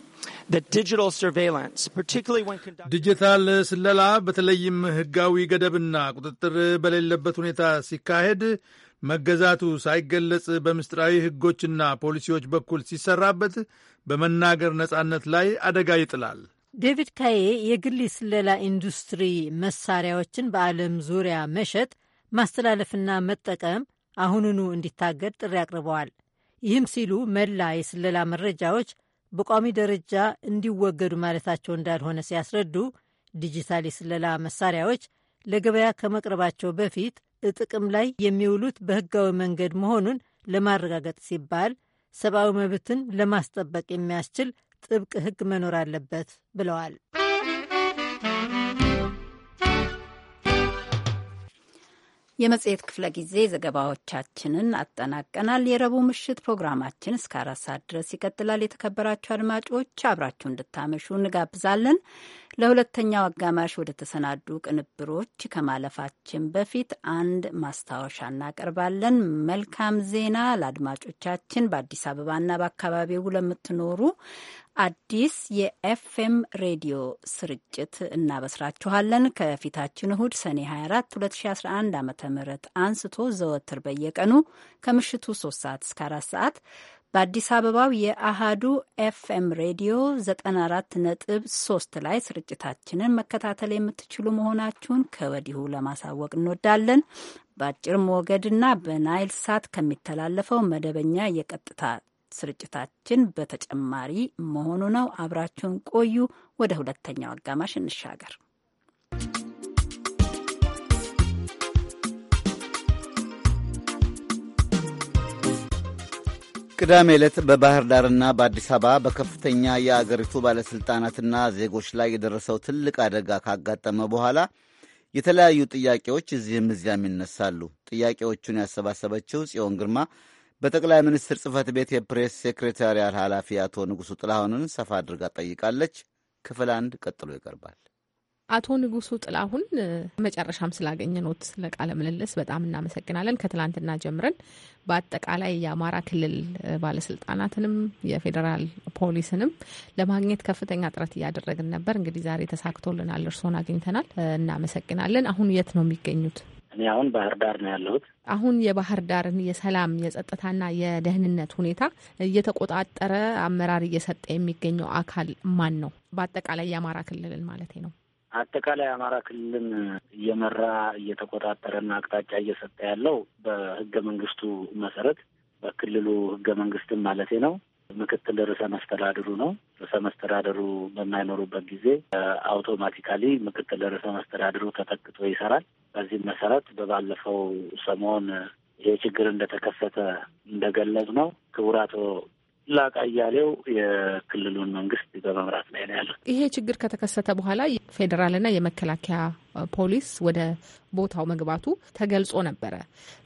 that digital surveillance, particularly when conducted... ዲጂታል ስለላ በተለይም ሕጋዊ ገደብና ቁጥጥር በሌለበት ሁኔታ ሲካሄድ መገዛቱ ሳይገለጽ በምስጢራዊ ህጎችና ፖሊሲዎች በኩል ሲሰራበት በመናገር ነጻነት ላይ አደጋ ይጥላል። ዴቪድ ካዬ የግል ስለላ ኢንዱስትሪ መሳሪያዎችን በዓለም ዙሪያ መሸጥ፣ ማስተላለፍና መጠቀም አሁኑኑ እንዲታገድ ጥሪ አቅርበዋል። ይህም ሲሉ መላ የስለላ መረጃዎች በቋሚ ደረጃ እንዲወገዱ ማለታቸው እንዳልሆነ ሲያስረዱ ዲጂታል የስለላ መሳሪያዎች ለገበያ ከመቅረባቸው በፊት ጥቅም ላይ የሚውሉት በህጋዊ መንገድ መሆኑን ለማረጋገጥ ሲባል ሰብአዊ መብትን ለማስጠበቅ የሚያስችል ጥብቅ ህግ መኖር አለበት ብለዋል። የመጽሔት ክፍለ ጊዜ ዘገባዎቻችንን አጠናቀናል። የረቡዕ ምሽት ፕሮግራማችን እስከ አራት ሰዓት ድረስ ይቀጥላል። የተከበራችሁ አድማጮች አብራችሁ እንድታመሹ እንጋብዛለን። ለሁለተኛው አጋማሽ ወደ ተሰናዱ ቅንብሮች ከማለፋችን በፊት አንድ ማስታወሻ እናቀርባለን። መልካም ዜና ለአድማጮቻችን በአዲስ አበባና በአካባቢው ለምትኖሩ አዲስ የኤፍኤም ሬዲዮ ስርጭት እናበስራችኋለን። ከፊታችን እሁድ ሰኔ 24 2011 ዓ ም አንስቶ ዘወትር በየቀኑ ከምሽቱ 3 ሰዓት እስከ 4 ሰዓት በአዲስ አበባው የአሃዱ ኤፍኤም ሬዲዮ 94.3 ላይ ስርጭታችንን መከታተል የምትችሉ መሆናችሁን ከወዲሁ ለማሳወቅ እንወዳለን። በአጭር ሞገድና በናይል ሳት ከሚተላለፈው መደበኛ የቀጥታ ስርጭታችን በተጨማሪ መሆኑ ነው። አብራችሁን ቆዩ። ወደ ሁለተኛው አጋማሽ እንሻገር። ቅዳሜ ዕለት በባህር ዳርና በአዲስ አበባ በከፍተኛ የአገሪቱ ባለሥልጣናትና ዜጎች ላይ የደረሰው ትልቅ አደጋ ካጋጠመ በኋላ የተለያዩ ጥያቄዎች እዚህም እዚያም ይነሳሉ። ጥያቄዎቹን ያሰባሰበችው ጽዮን ግርማ በጠቅላይ ሚኒስትር ጽህፈት ቤት የፕሬስ ሴክሬታሪያል ኃላፊ አቶ ንጉሱ ጥላሁንን ሰፋ አድርጋ ጠይቃለች። ክፍል አንድ ቀጥሎ ይቀርባል። አቶ ንጉሱ ጥላሁን መጨረሻም ስላገኘኖት ለቃለ ምልልስ በጣም እናመሰግናለን። ከትላንትና ጀምረን በአጠቃላይ የአማራ ክልል ባለስልጣናትንም የፌዴራል ፖሊስንም ለማግኘት ከፍተኛ ጥረት እያደረግን ነበር። እንግዲህ ዛሬ ተሳክቶልናል፣ እርስዎን አግኝተናል። እናመሰግናለን። አሁን የት ነው የሚገኙት? እኔ አሁን ባህር ዳር ነው ያለሁት። አሁን የባህር ዳርን የሰላም የጸጥታና የደህንነት ሁኔታ እየተቆጣጠረ አመራር እየሰጠ የሚገኘው አካል ማን ነው? በአጠቃላይ የአማራ ክልልን ማለት ነው። አጠቃላይ አማራ ክልልን እየመራ እየተቆጣጠረና አቅጣጫ እየሰጠ ያለው በህገ መንግስቱ መሰረት በክልሉ ህገ መንግስትም ማለት ነው ምክትል ርዕሰ መስተዳድሩ ነው። ርዕሰ መስተዳድሩ በማይኖሩበት ጊዜ አውቶማቲካሊ ምክትል ርዕሰ መስተዳድሩ ተተክቶ ይሰራል። በዚህም መሰረት በባለፈው ሰሞን ይሄ ችግር እንደተከሰተ እንደገለጽ ነው ክቡር አቶ ላቃ እያሌው የክልሉን መንግስት በመምራት ላይ ነው ያለው። ይሄ ችግር ከተከሰተ በኋላ ፌዴራልና የመከላከያ ፖሊስ ወደ ቦታው መግባቱ ተገልጾ ነበረ።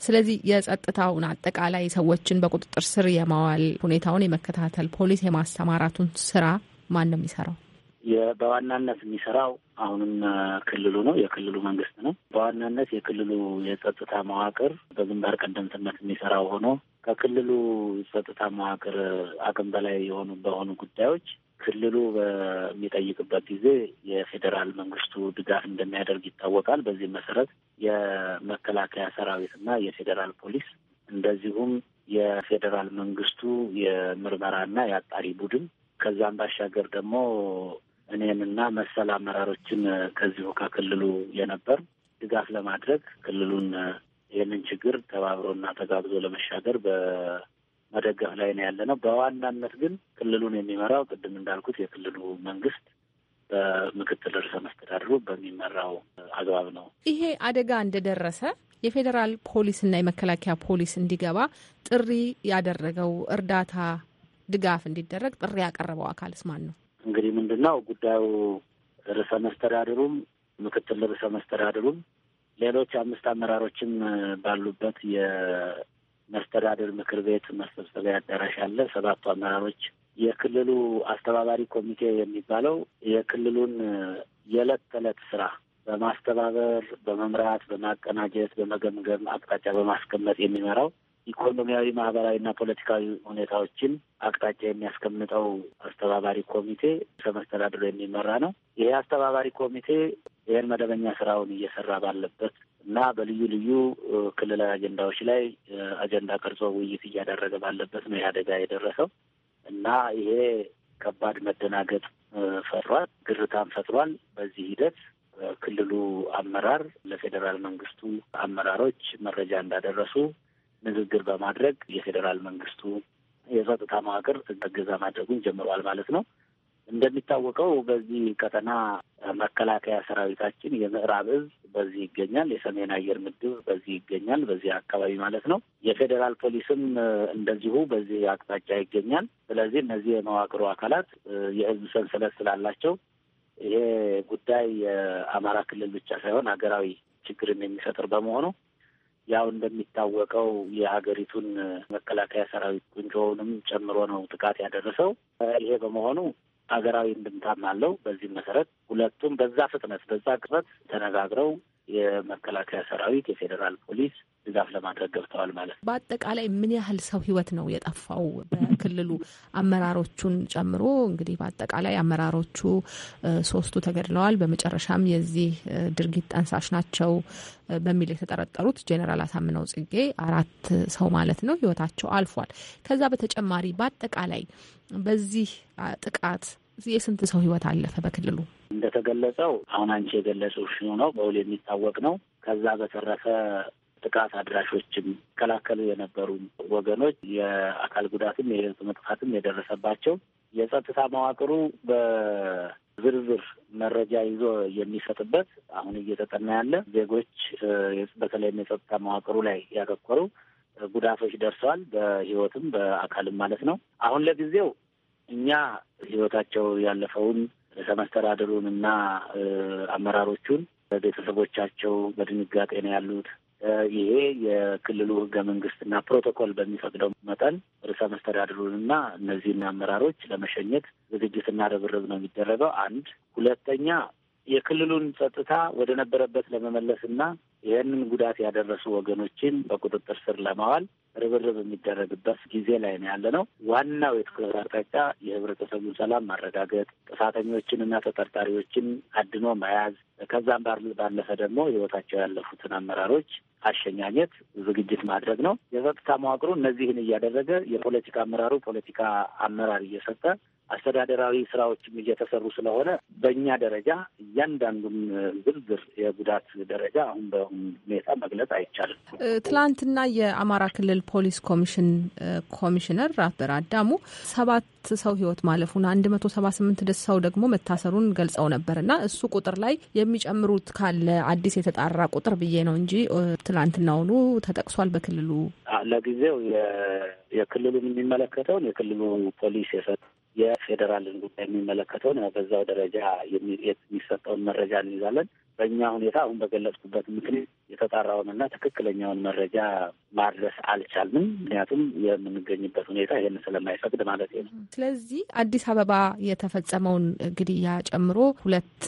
ስለዚህ የጸጥታውን አጠቃላይ ሰዎችን በቁጥጥር ስር የማዋል ሁኔታውን የመከታተል ፖሊስ የማሰማራቱን ስራ ማን ነው የሚሰራው? በዋናነት የሚሰራው አሁንም ክልሉ ነው፣ የክልሉ መንግስት ነው። በዋናነት የክልሉ የጸጥታ መዋቅር በግንባር ቀደምትነት የሚሰራው ሆኖ ከክልሉ ጸጥታ መዋቅር አቅም በላይ የሆኑ በሆኑ ጉዳዮች ክልሉ በሚጠይቅበት ጊዜ የፌዴራል መንግስቱ ድጋፍ እንደሚያደርግ ይታወቃል። በዚህ መሰረት የመከላከያ ሰራዊትና የፌዴራል ፖሊስ እንደዚሁም የፌዴራል መንግስቱ የምርመራና የአጣሪ ቡድን ከዛም ባሻገር ደግሞ እኔንና መሰል አመራሮችን ከዚሁ ከክልሉ የነበር ድጋፍ ለማድረግ ክልሉን ይህንን ችግር ተባብሮና ተጋግዞ ለመሻገር በመደገፍ ላይ ነው ያለ ነው። በዋናነት ግን ክልሉን የሚመራው ቅድም እንዳልኩት የክልሉ መንግስት በምክትል ርዕሰ መስተዳድሩ በሚመራው አግባብ ነው። ይሄ አደጋ እንደደረሰ የፌዴራል ፖሊስና የመከላከያ ፖሊስ እንዲገባ ጥሪ ያደረገው እርዳታ ድጋፍ እንዲደረግ ጥሪ ያቀረበው አካልስ ማን ነው? እንግዲህ ምንድን ነው ጉዳዩ ርዕሰ መስተዳድሩም ምክትል ርዕሰ መስተዳድሩም ሌሎች አምስት አመራሮችም ባሉበት የመስተዳድር ምክር ቤት መሰብሰቢያ አዳራሽ አለ። ሰባቱ አመራሮች የክልሉ አስተባባሪ ኮሚቴ የሚባለው የክልሉን የዕለት ተዕለት ስራ በማስተባበር በመምራት፣ በማቀናጀት፣ በመገምገም አቅጣጫ በማስቀመጥ የሚመራው ኢኮኖሚያዊ፣ ማህበራዊ ና ፖለቲካዊ ሁኔታዎችን አቅጣጫ የሚያስቀምጠው አስተባባሪ ኮሚቴ ሰመስተዳድሮ መስተዳድሩ የሚመራ ነው። ይሄ አስተባባሪ ኮሚቴ ይህን መደበኛ ስራውን እየሰራ ባለበት እና በልዩ ልዩ ክልላዊ አጀንዳዎች ላይ አጀንዳ ቀርጾ ውይይት እያደረገ ባለበት ነው ኢህአዴጋ የደረሰው እና ይሄ ከባድ መደናገጥ ፈጥሯል፣ ግርታም ፈጥሯል። በዚህ ሂደት ክልሉ አመራር ለፌዴራል መንግስቱ አመራሮች መረጃ እንዳደረሱ ንግግር በማድረግ የፌዴራል መንግስቱ የጸጥታ መዋቅር እገዛ ማድረጉን ጀምሯል ማለት ነው። እንደሚታወቀው በዚህ ቀጠና መከላከያ ሰራዊታችን የምዕራብ እዝ በዚህ ይገኛል። የሰሜን አየር ምድብ በዚህ ይገኛል፣ በዚህ አካባቢ ማለት ነው። የፌዴራል ፖሊስም እንደዚሁ በዚህ አቅጣጫ ይገኛል። ስለዚህ እነዚህ የመዋቅሩ አካላት የህዝብ ሰንሰለት ስላላቸው ይሄ ጉዳይ የአማራ ክልል ብቻ ሳይሆን ሀገራዊ ችግርን የሚፈጥር በመሆኑ ያው እንደሚታወቀው የሀገሪቱን መከላከያ ሰራዊት ቁንጮውንም ጨምሮ ነው ጥቃት ያደረሰው። ይሄ በመሆኑ ሀገራዊ እንድምታም አለው። በዚህም መሰረት ሁለቱም በዛ ፍጥነት በዛ ቅጽበት ተነጋግረው የመከላከያ ሰራዊት የፌዴራል ፖሊስ ድጋፍ ለማድረግ ገብተዋል ማለት ነው። በአጠቃላይ ምን ያህል ሰው ህይወት ነው የጠፋው? በክልሉ አመራሮቹን ጨምሮ እንግዲህ በአጠቃላይ አመራሮቹ ሶስቱ ተገድለዋል። በመጨረሻም የዚህ ድርጊት ጠንሳሽ ናቸው በሚል የተጠረጠሩት ጄኔራል አሳምነው ጽጌ አራት ሰው ማለት ነው ህይወታቸው አልፏል። ከዛ በተጨማሪ በአጠቃላይ በዚህ ጥቃት የስንት ሰው ህይወት አለፈ በክልሉ? እንደተገለጸው አሁን አንቺ ሽኑ ነው፣ በውል የሚታወቅ ነው። ከዛ በተረፈ ጥቃት አድራሾችም ይከላከሉ የነበሩ ወገኖች የአካል ጉዳትም የህይወት መጥፋትም የደረሰባቸው የጸጥታ መዋቅሩ በዝርዝር መረጃ ይዞ የሚሰጥበት አሁን እየተጠና ያለ ዜጎች በተለይም የጸጥታ መዋቅሩ ላይ ያተኮሩ ጉዳቶች ደርሰዋል። በህይወትም በአካልም ማለት ነው። አሁን ለጊዜው እኛ ህይወታቸው ያለፈውን ርዕሰ መስተዳድሩን እና አመራሮቹን ቤተሰቦቻቸው በድንጋጤ ነው ያሉት። ይሄ የክልሉ ህገ መንግስትና ፕሮቶኮል በሚፈቅደው መጠን ርዕሰ መስተዳድሩንና እነዚህን አመራሮች ለመሸኘት ዝግጅትና ርብርብ ነው የሚደረገው። አንድ ሁለተኛ የክልሉን ጸጥታ ወደ ነበረበት ለመመለስና ይህንን ጉዳት ያደረሱ ወገኖችን በቁጥጥር ስር ለማዋል ርብርብ የሚደረግበት ጊዜ ላይ ነው ያለ ነው። ዋናው የትኩረት አቅጣጫ የህብረተሰቡን ሰላም ማረጋገጥ፣ እና ተጠርጣሪዎችን አድኖ መያዝ፣ ከዛም ባለፈ ደግሞ ህይወታቸው ያለፉትን አመራሮች አሸኛኘት ዝግጅት ማድረግ ነው። የጸጥታ መዋቅሩ እነዚህን እያደረገ የፖለቲካ አመራሩ ፖለቲካ አመራር እየሰጠ አስተዳደራዊ ስራዎችም እየተሰሩ ስለሆነ በእኛ ደረጃ እያንዳንዱን ዝርዝር የጉዳት ደረጃ አሁን በአሁኑ ሁኔታ መግለጽ አይቻልም። ትላንትና የአማራ ክልል ፖሊስ ኮሚሽን ኮሚሽነር አበር አዳሙ ሰባት ሰው ህይወት ማለፉን አንድ መቶ ሰባ ስምንት ሰው ደግሞ መታሰሩን ገልጸው ነበር እና እሱ ቁጥር ላይ የሚጨምሩት ካለ አዲስ የተጣራ ቁጥር ብዬ ነው እንጂ ትላንትናውኑ ተጠቅሷል። በክልሉ ለጊዜው የክልሉን የሚመለከተውን የክልሉ ፖሊስ የሰ የፌዴራልን ጉዳይ የሚመለከተውን ያው በዛው ደረጃ የሚሰጠውን መረጃ እንይዛለን። በእኛ ሁኔታ አሁን በገለጽኩበት ምክንያት የተጣራውንና ትክክለኛውን መረጃ ማድረስ አልቻልንም። ምክንያቱም የምንገኝበት ሁኔታ ይህን ስለማይፈቅድ ማለት ነው። ስለዚህ አዲስ አበባ የተፈጸመውን ግድያ ጨምሮ ሁለት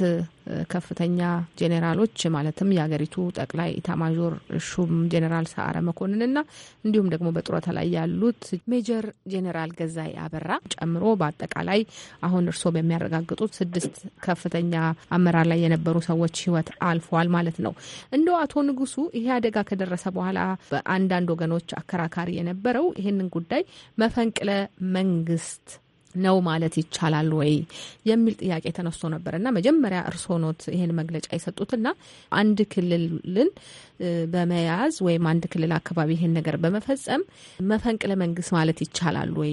ከፍተኛ ጄኔራሎች ማለትም የሀገሪቱ ጠቅላይ ኢታማዦር ሹም ጄኔራል ሰዓረ መኮንንና እንዲሁም ደግሞ በጡረታ ላይ ያሉት ሜጀር ጄኔራል ገዛይ አበራ ጨምሮ በአጠቃላይ አሁን እርስዎ በሚያረጋግጡት ስድስት ከፍተኛ አመራር ላይ የነበሩ ሰዎች ህይወት አልፏል ማለት ነው። እንደ አቶ ንጉሱ ይሄ አደጋ ከደረሰ በኋላ በአንዳንድ ወገኖች አከራካሪ የነበረው ይህንን ጉዳይ መፈንቅለ መንግስት ነው ማለት ይቻላል ወይ የሚል ጥያቄ ተነስቶ ነበር እና መጀመሪያ እርስዎ ኖት ይህን መግለጫ የሰጡትና አንድ ክልልን በመያዝ ወይም አንድ ክልል አካባቢ ይህን ነገር በመፈጸም መፈንቅለ መንግስት ማለት ይቻላል ወይ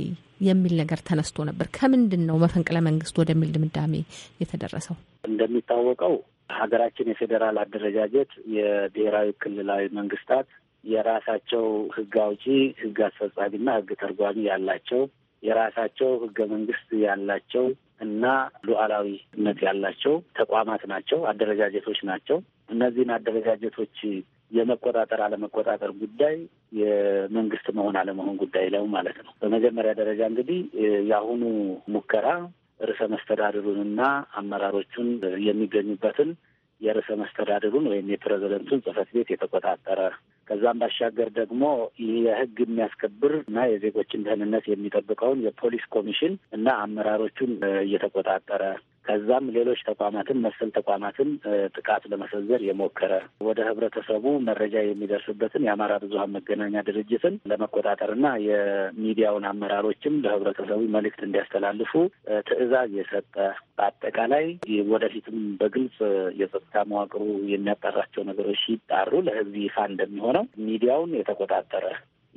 የሚል ነገር ተነስቶ ነበር። ከምንድን ነው መፈንቅለ መንግስት ወደሚል ድምዳሜ የተደረሰው? እንደሚታወቀው ሀገራችን የፌዴራል አደረጃጀት የብሔራዊ ክልላዊ መንግስታት የራሳቸው ህግ አውጪ፣ ህግ አስፈጻሚና ህግ ተርጓሚ ያላቸው የራሳቸው ህገ መንግስት ያላቸው እና ሉዓላዊነት ያላቸው ተቋማት ናቸው፣ አደረጃጀቶች ናቸው። እነዚህን አደረጃጀቶች የመቆጣጠር አለመቆጣጠር ጉዳይ የመንግስት መሆን አለመሆን ጉዳይ ነው ማለት ነው። በመጀመሪያ ደረጃ እንግዲህ የአሁኑ ሙከራ ርዕሰ መስተዳድሩንና አመራሮቹን የሚገኙበትን የርዕሰ መስተዳድሩን ወይም የፕሬዚደንቱን ጽህፈት ቤት የተቆጣጠረ ከዛም ባሻገር ደግሞ የህግ የሚያስከብር እና የዜጎችን ደህንነት የሚጠብቀውን የፖሊስ ኮሚሽን እና አመራሮቹን እየተቆጣጠረ ከዛም ሌሎች ተቋማትን መሰል ተቋማትን ጥቃት ለመሰንዘር የሞከረ ወደ ህብረተሰቡ መረጃ የሚደርስበትን የአማራ ብዙሀን መገናኛ ድርጅትን ለመቆጣጠርና የሚዲያውን አመራሮችም ለህብረተሰቡ መልእክት እንዲያስተላልፉ ትዕዛዝ የሰጠ በአጠቃላይ ወደፊትም በግልጽ የጸጥታ መዋቅሩ የሚያጣራቸው ነገሮች ሲጣሩ ለህዝብ ይፋ እንደሚሆነው ሚዲያውን የተቆጣጠረ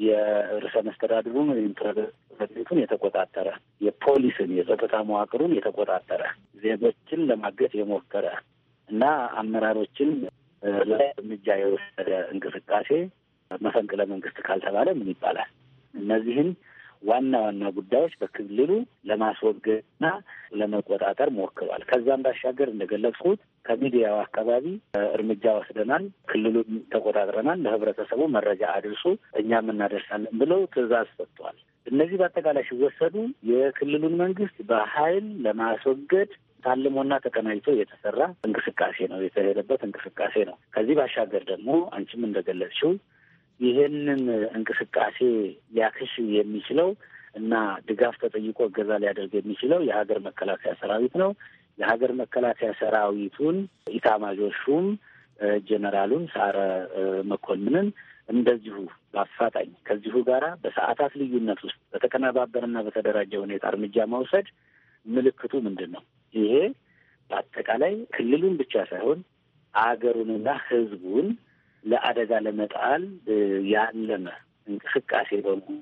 የርዕሰ መስተዳድሩን ወይም ፕሬዚደንቱን የተቆጣጠረ የፖሊስን የጸጥታ መዋቅሩን የተቆጣጠረ ዜጎችን ለማገት የሞከረ እና አመራሮችን ላይ እርምጃ የወሰደ እንቅስቃሴ መፈንቅለ መንግስት ካልተባለ ምን ይባላል? እነዚህን ዋና ዋና ጉዳዮች በክልሉ ለማስወገድና ለመቆጣጠር ሞክሯል። ከዛም ባሻገር እንደገለጽኩት ከሚዲያው አካባቢ እርምጃ ወስደናል፣ ክልሉን ተቆጣጥረናል፣ ለህብረተሰቡ መረጃ አድርሱ፣ እኛም እናደርሳለን ብለው ትዕዛዝ ሰጥቷል። እነዚህ በአጠቃላይ ሲወሰዱ የክልሉን መንግስት በኃይል ለማስወገድ ታልሞና ተቀናጅቶ የተሰራ እንቅስቃሴ ነው የተሄደበት እንቅስቃሴ ነው። ከዚህ ባሻገር ደግሞ አንቺም እንደገለጽሽው ይህንን እንቅስቃሴ ሊያክሽ የሚችለው እና ድጋፍ ተጠይቆ እገዛ ሊያደርግ የሚችለው የሀገር መከላከያ ሰራዊት ነው። የሀገር መከላከያ ሰራዊቱን ኢታማዦር ሹም ጀነራሉን ሳረ መኮንንን እንደዚሁ በአፋጣኝ ከዚሁ ጋራ በሰዓታት ልዩነት ውስጥ በተቀነባበረና በተደራጀ ሁኔታ እርምጃ መውሰድ ምልክቱ ምንድን ነው? ይሄ በአጠቃላይ ክልሉን ብቻ ሳይሆን አገሩንና ሕዝቡን ለአደጋ ለመጣል ያለመ እንቅስቃሴ በመሆኑ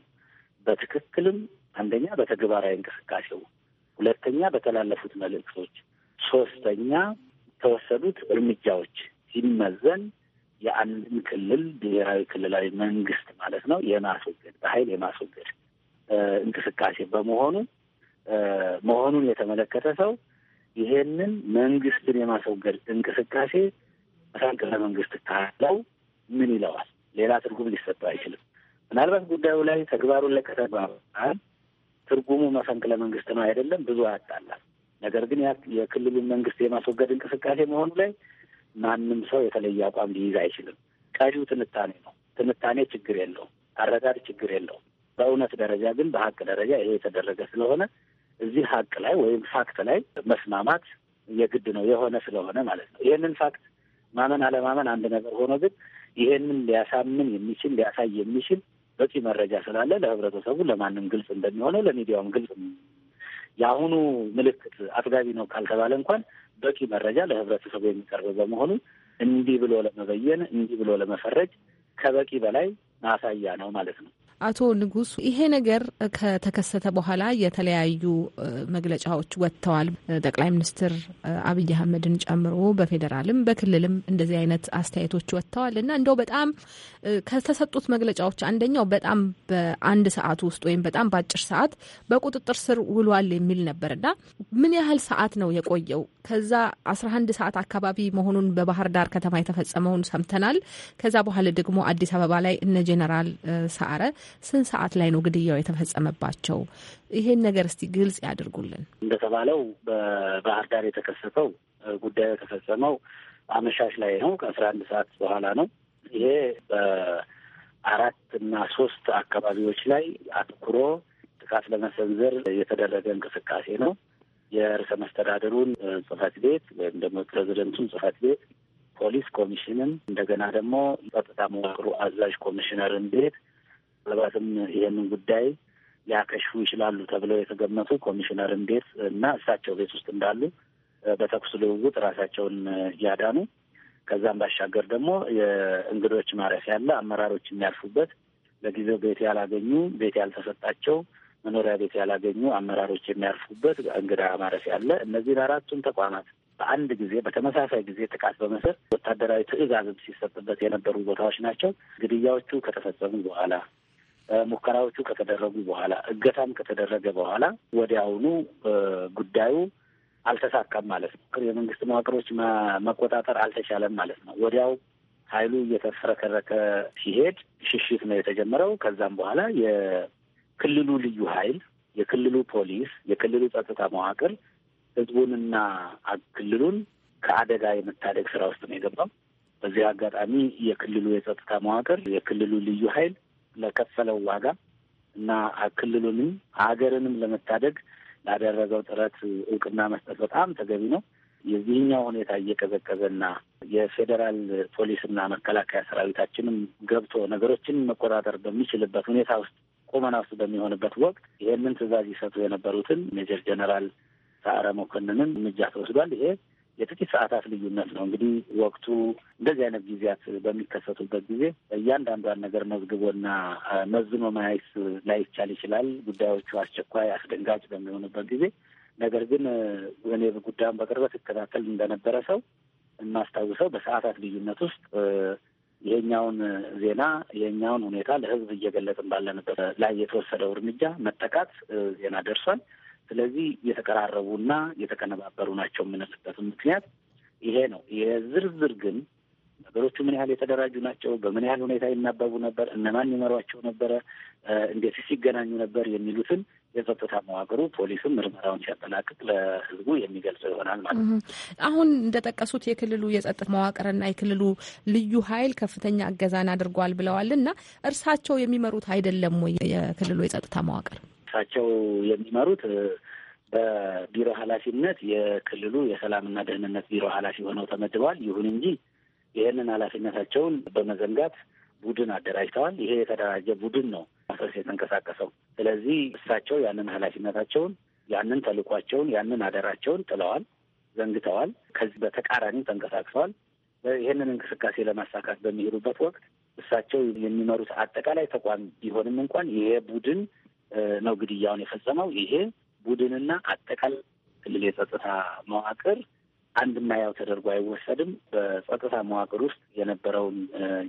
በትክክልም አንደኛ በተግባራዊ እንቅስቃሴው፣ ሁለተኛ በተላለፉት መልእክቶች፣ ሶስተኛ የተወሰዱት እርምጃዎች ሲመዘን የአንድን ክልል ብሔራዊ ክልላዊ መንግስት ማለት ነው የማስወገድ በኃይል የማስወገድ እንቅስቃሴ በመሆኑ መሆኑን የተመለከተ ሰው ይሄንን መንግስትን የማስወገድ እንቅስቃሴ መፈንቅለ መንግስት ካለው ምን ይለዋል? ሌላ ትርጉም ሊሰጠው አይችልም። ምናልባት ጉዳዩ ላይ ተግባሩን ላይ ከተግባባል ትርጉሙ መፈንቅለ መንግስት ነው አይደለም ብዙ አያጣላል። ነገር ግን የክልሉን መንግስት የማስወገድ እንቅስቃሴ መሆኑ ላይ ማንም ሰው የተለየ አቋም ሊይዝ አይችልም። ቀሪው ትንታኔ ነው። ትንታኔ ችግር የለውም፣ አረዳድ ችግር የለውም። በእውነት ደረጃ ግን በሀቅ ደረጃ ይሄ የተደረገ ስለሆነ እዚህ ሀቅ ላይ ወይም ፋክት ላይ መስማማት የግድ ነው የሆነ ስለሆነ ማለት ነው። ይህንን ፋክት ማመን አለማመን አንድ ነገር ሆኖ ግን ይሄንን ሊያሳምን የሚችል ሊያሳይ የሚችል በቂ መረጃ ስላለ ለህብረተሰቡ ለማንም ግልጽ እንደሚሆነው ለሚዲያውም ግልጽ የአሁኑ ምልክት አጥጋቢ ነው ካልተባለ እንኳን በቂ መረጃ ለህብረተሰቡ የሚቀርብ በመሆኑ እንዲህ ብሎ ለመበየን እንዲህ ብሎ ለመፈረጅ ከበቂ በላይ ማሳያ ነው ማለት ነው። አቶ ንጉስ ይሄ ነገር ከተከሰተ በኋላ የተለያዩ መግለጫዎች ወጥተዋል። ጠቅላይ ሚኒስትር አብይ አህመድን ጨምሮ በፌዴራልም በክልልም እንደዚህ አይነት አስተያየቶች ወጥተዋል እና እንደው በጣም ከተሰጡት መግለጫዎች አንደኛው በጣም በአንድ ሰዓት ውስጥ ወይም በጣም በአጭር ሰዓት በቁጥጥር ስር ውሏል የሚል እና ምን ያህል ሰዓት ነው የቆየው? ከዛ አስራ አንድ ሰዓት አካባቢ መሆኑን በባህር ዳር ከተማ የተፈጸመውን ሰምተናል። ከዛ በኋላ ደግሞ አዲስ አበባ ላይ እነ ጄኔራል ሰዓረ ስንት ሰዓት ላይ ነው ግድያው የተፈጸመባቸው? ይሄን ነገር እስቲ ግልጽ ያድርጉልን። እንደተባለው በባህር ዳር የተከሰተው ጉዳዩ የተፈጸመው አመሻሽ ላይ ነው፣ ከአስራ አንድ ሰዓት በኋላ ነው። ይሄ በአራት እና ሶስት አካባቢዎች ላይ አትኩሮ ጥቃት ለመሰንዘር የተደረገ እንቅስቃሴ ነው። የርዕሰ መስተዳደሩን ጽህፈት ቤት ወይም ደግሞ ፕሬዚደንቱን ጽህፈት ቤት፣ ፖሊስ ኮሚሽንን፣ እንደገና ደግሞ ጸጥታ መዋቅሩ አዛዥ ኮሚሽነርን ቤት ምናልባትም ይህንን ጉዳይ ሊያከሽፉ ይችላሉ ተብለው የተገመቱ ኮሚሽነርን ቤት እና እሳቸው ቤት ውስጥ እንዳሉ በተኩስ ልውውጥ ራሳቸውን ያዳኑ፣ ከዛም ባሻገር ደግሞ የእንግዶች ማረፊያ ያለ አመራሮች የሚያርፉበት ለጊዜው ቤት ያላገኙ ቤት ያልተሰጣቸው መኖሪያ ቤት ያላገኙ አመራሮች የሚያርፉበት እንግዳ ማረፊያ ያለ እነዚህን አራቱን ተቋማት በአንድ ጊዜ በተመሳሳይ ጊዜ ጥቃት በመሰር ወታደራዊ ትዕዛዝም ሲሰጥበት የነበሩ ቦታዎች ናቸው። ግድያዎቹ ከተፈጸሙ በኋላ ሙከራዎቹ ከተደረጉ በኋላ እገታም ከተደረገ በኋላ ወዲያውኑ ጉዳዩ አልተሳካም ማለት ነው። የመንግስት መዋቅሮች መቆጣጠር አልተቻለም ማለት ነው። ወዲያው ኃይሉ እየተፈረከረከ ሲሄድ ሽሽት ነው የተጀመረው። ከዛም በኋላ የክልሉ ልዩ ኃይል፣ የክልሉ ፖሊስ፣ የክልሉ ጸጥታ መዋቅር ህዝቡንና ክልሉን ከአደጋ የመታደግ ስራ ውስጥ ነው የገባው። በዚህ አጋጣሚ የክልሉ የጸጥታ መዋቅር፣ የክልሉ ልዩ ኃይል ለከፈለው ዋጋ እና ክልሉንም ሀገርንም ለመታደግ ላደረገው ጥረት እውቅና መስጠት በጣም ተገቢ ነው። የዚህኛው ሁኔታ እየቀዘቀዘና የፌዴራል ፖሊስና መከላከያ ሰራዊታችንም ገብቶ ነገሮችን መቆጣጠር በሚችልበት ሁኔታ ውስጥ ቁመና ውስጥ በሚሆንበት ወቅት ይሄንን ትዕዛዝ ይሰጡ የነበሩትን ሜጀር ጀነራል ሰዓረ መኮንንን እርምጃ ተወስዷል። ይሄ የጥቂት ሰዓታት ልዩነት ነው። እንግዲህ ወቅቱ እንደዚህ አይነት ጊዜያት በሚከሰቱበት ጊዜ እያንዳንዷን ነገር መዝግቦና መዝኖ ማየት ላይቻል ይችላል። ጉዳዮቹ አስቸኳይ፣ አስደንጋጭ በሚሆኑበት ጊዜ ነገር ግን እኔ ጉዳዩን በቅርበት ይከታተል እንደነበረ ሰው የማስታውሰው በሰዓታት ልዩነት ውስጥ ይሄኛውን ዜና ይሄኛውን ሁኔታ ለሕዝብ እየገለጽን ባለንበት ላይ የተወሰደው እርምጃ መጠቃት ዜና ደርሷል። ስለዚህ የተቀራረቡና የተቀነባበሩ ናቸው የምንልበትም ምክንያት ይሄ ነው። የዝርዝር ግን ነገሮቹ ምን ያህል የተደራጁ ናቸው፣ በምን ያህል ሁኔታ ይናበቡ ነበር፣ እነማን ይመሯቸው ነበረ፣ እንዴት ሲገናኙ ነበር የሚሉትን የጸጥታ መዋቅሩ ፖሊስም ምርመራውን ሲያጠናቅቅ ለሕዝቡ የሚገልጸው ይሆናል ማለት ነው። አሁን እንደጠቀሱት የክልሉ የጸጥታ መዋቅርና የክልሉ ልዩ ኃይል ከፍተኛ እገዛን አድርጓል ብለዋል እና እርሳቸው የሚመሩት አይደለም ወይ የክልሉ የጸጥታ መዋቅር? እሳቸው የሚመሩት በቢሮ ኃላፊነት የክልሉ የሰላምና ደህንነት ቢሮ ኃላፊ ሆነው ተመድበዋል። ይሁን እንጂ ይህንን ኃላፊነታቸውን በመዘንጋት ቡድን አደራጅተዋል። ይሄ የተደራጀ ቡድን ነው ማሰስ የተንቀሳቀሰው። ስለዚህ እሳቸው ያንን ኃላፊነታቸውን ያንን ተልኳቸውን ያንን አደራቸውን ጥለዋል፣ ዘንግተዋል። ከዚህ በተቃራኒ ተንቀሳቅሰዋል። ይህንን እንቅስቃሴ ለማሳካት በሚሄዱበት ወቅት እሳቸው የሚመሩት አጠቃላይ ተቋም ቢሆንም እንኳን ይሄ ቡድን ነው ግድያውን የፈጸመው። ይሄ ቡድንና አጠቃላይ ክልል የጸጥታ መዋቅር አንድና ያው ተደርጎ አይወሰድም። በጸጥታ መዋቅር ውስጥ የነበረውን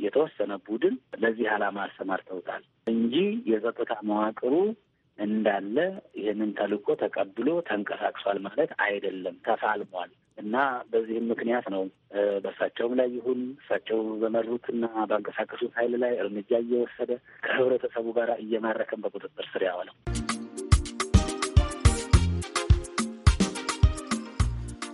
የተወሰነ ቡድን ለዚህ ዓላማ አሰማርተውታል እንጂ የጸጥታ መዋቅሩ እንዳለ ይህንን ተልእኮ ተቀብሎ ተንቀሳቅሷል ማለት አይደለም፣ ተፋልሟል። እና በዚህም ምክንያት ነው በእሳቸውም ላይ ይሁን እሳቸው በመሩትና ባንቀሳቀሱት ኃይል ላይ እርምጃ እየወሰደ ከህብረተሰቡ ጋር እየማረከን በቁጥጥር ስር ያዋለው።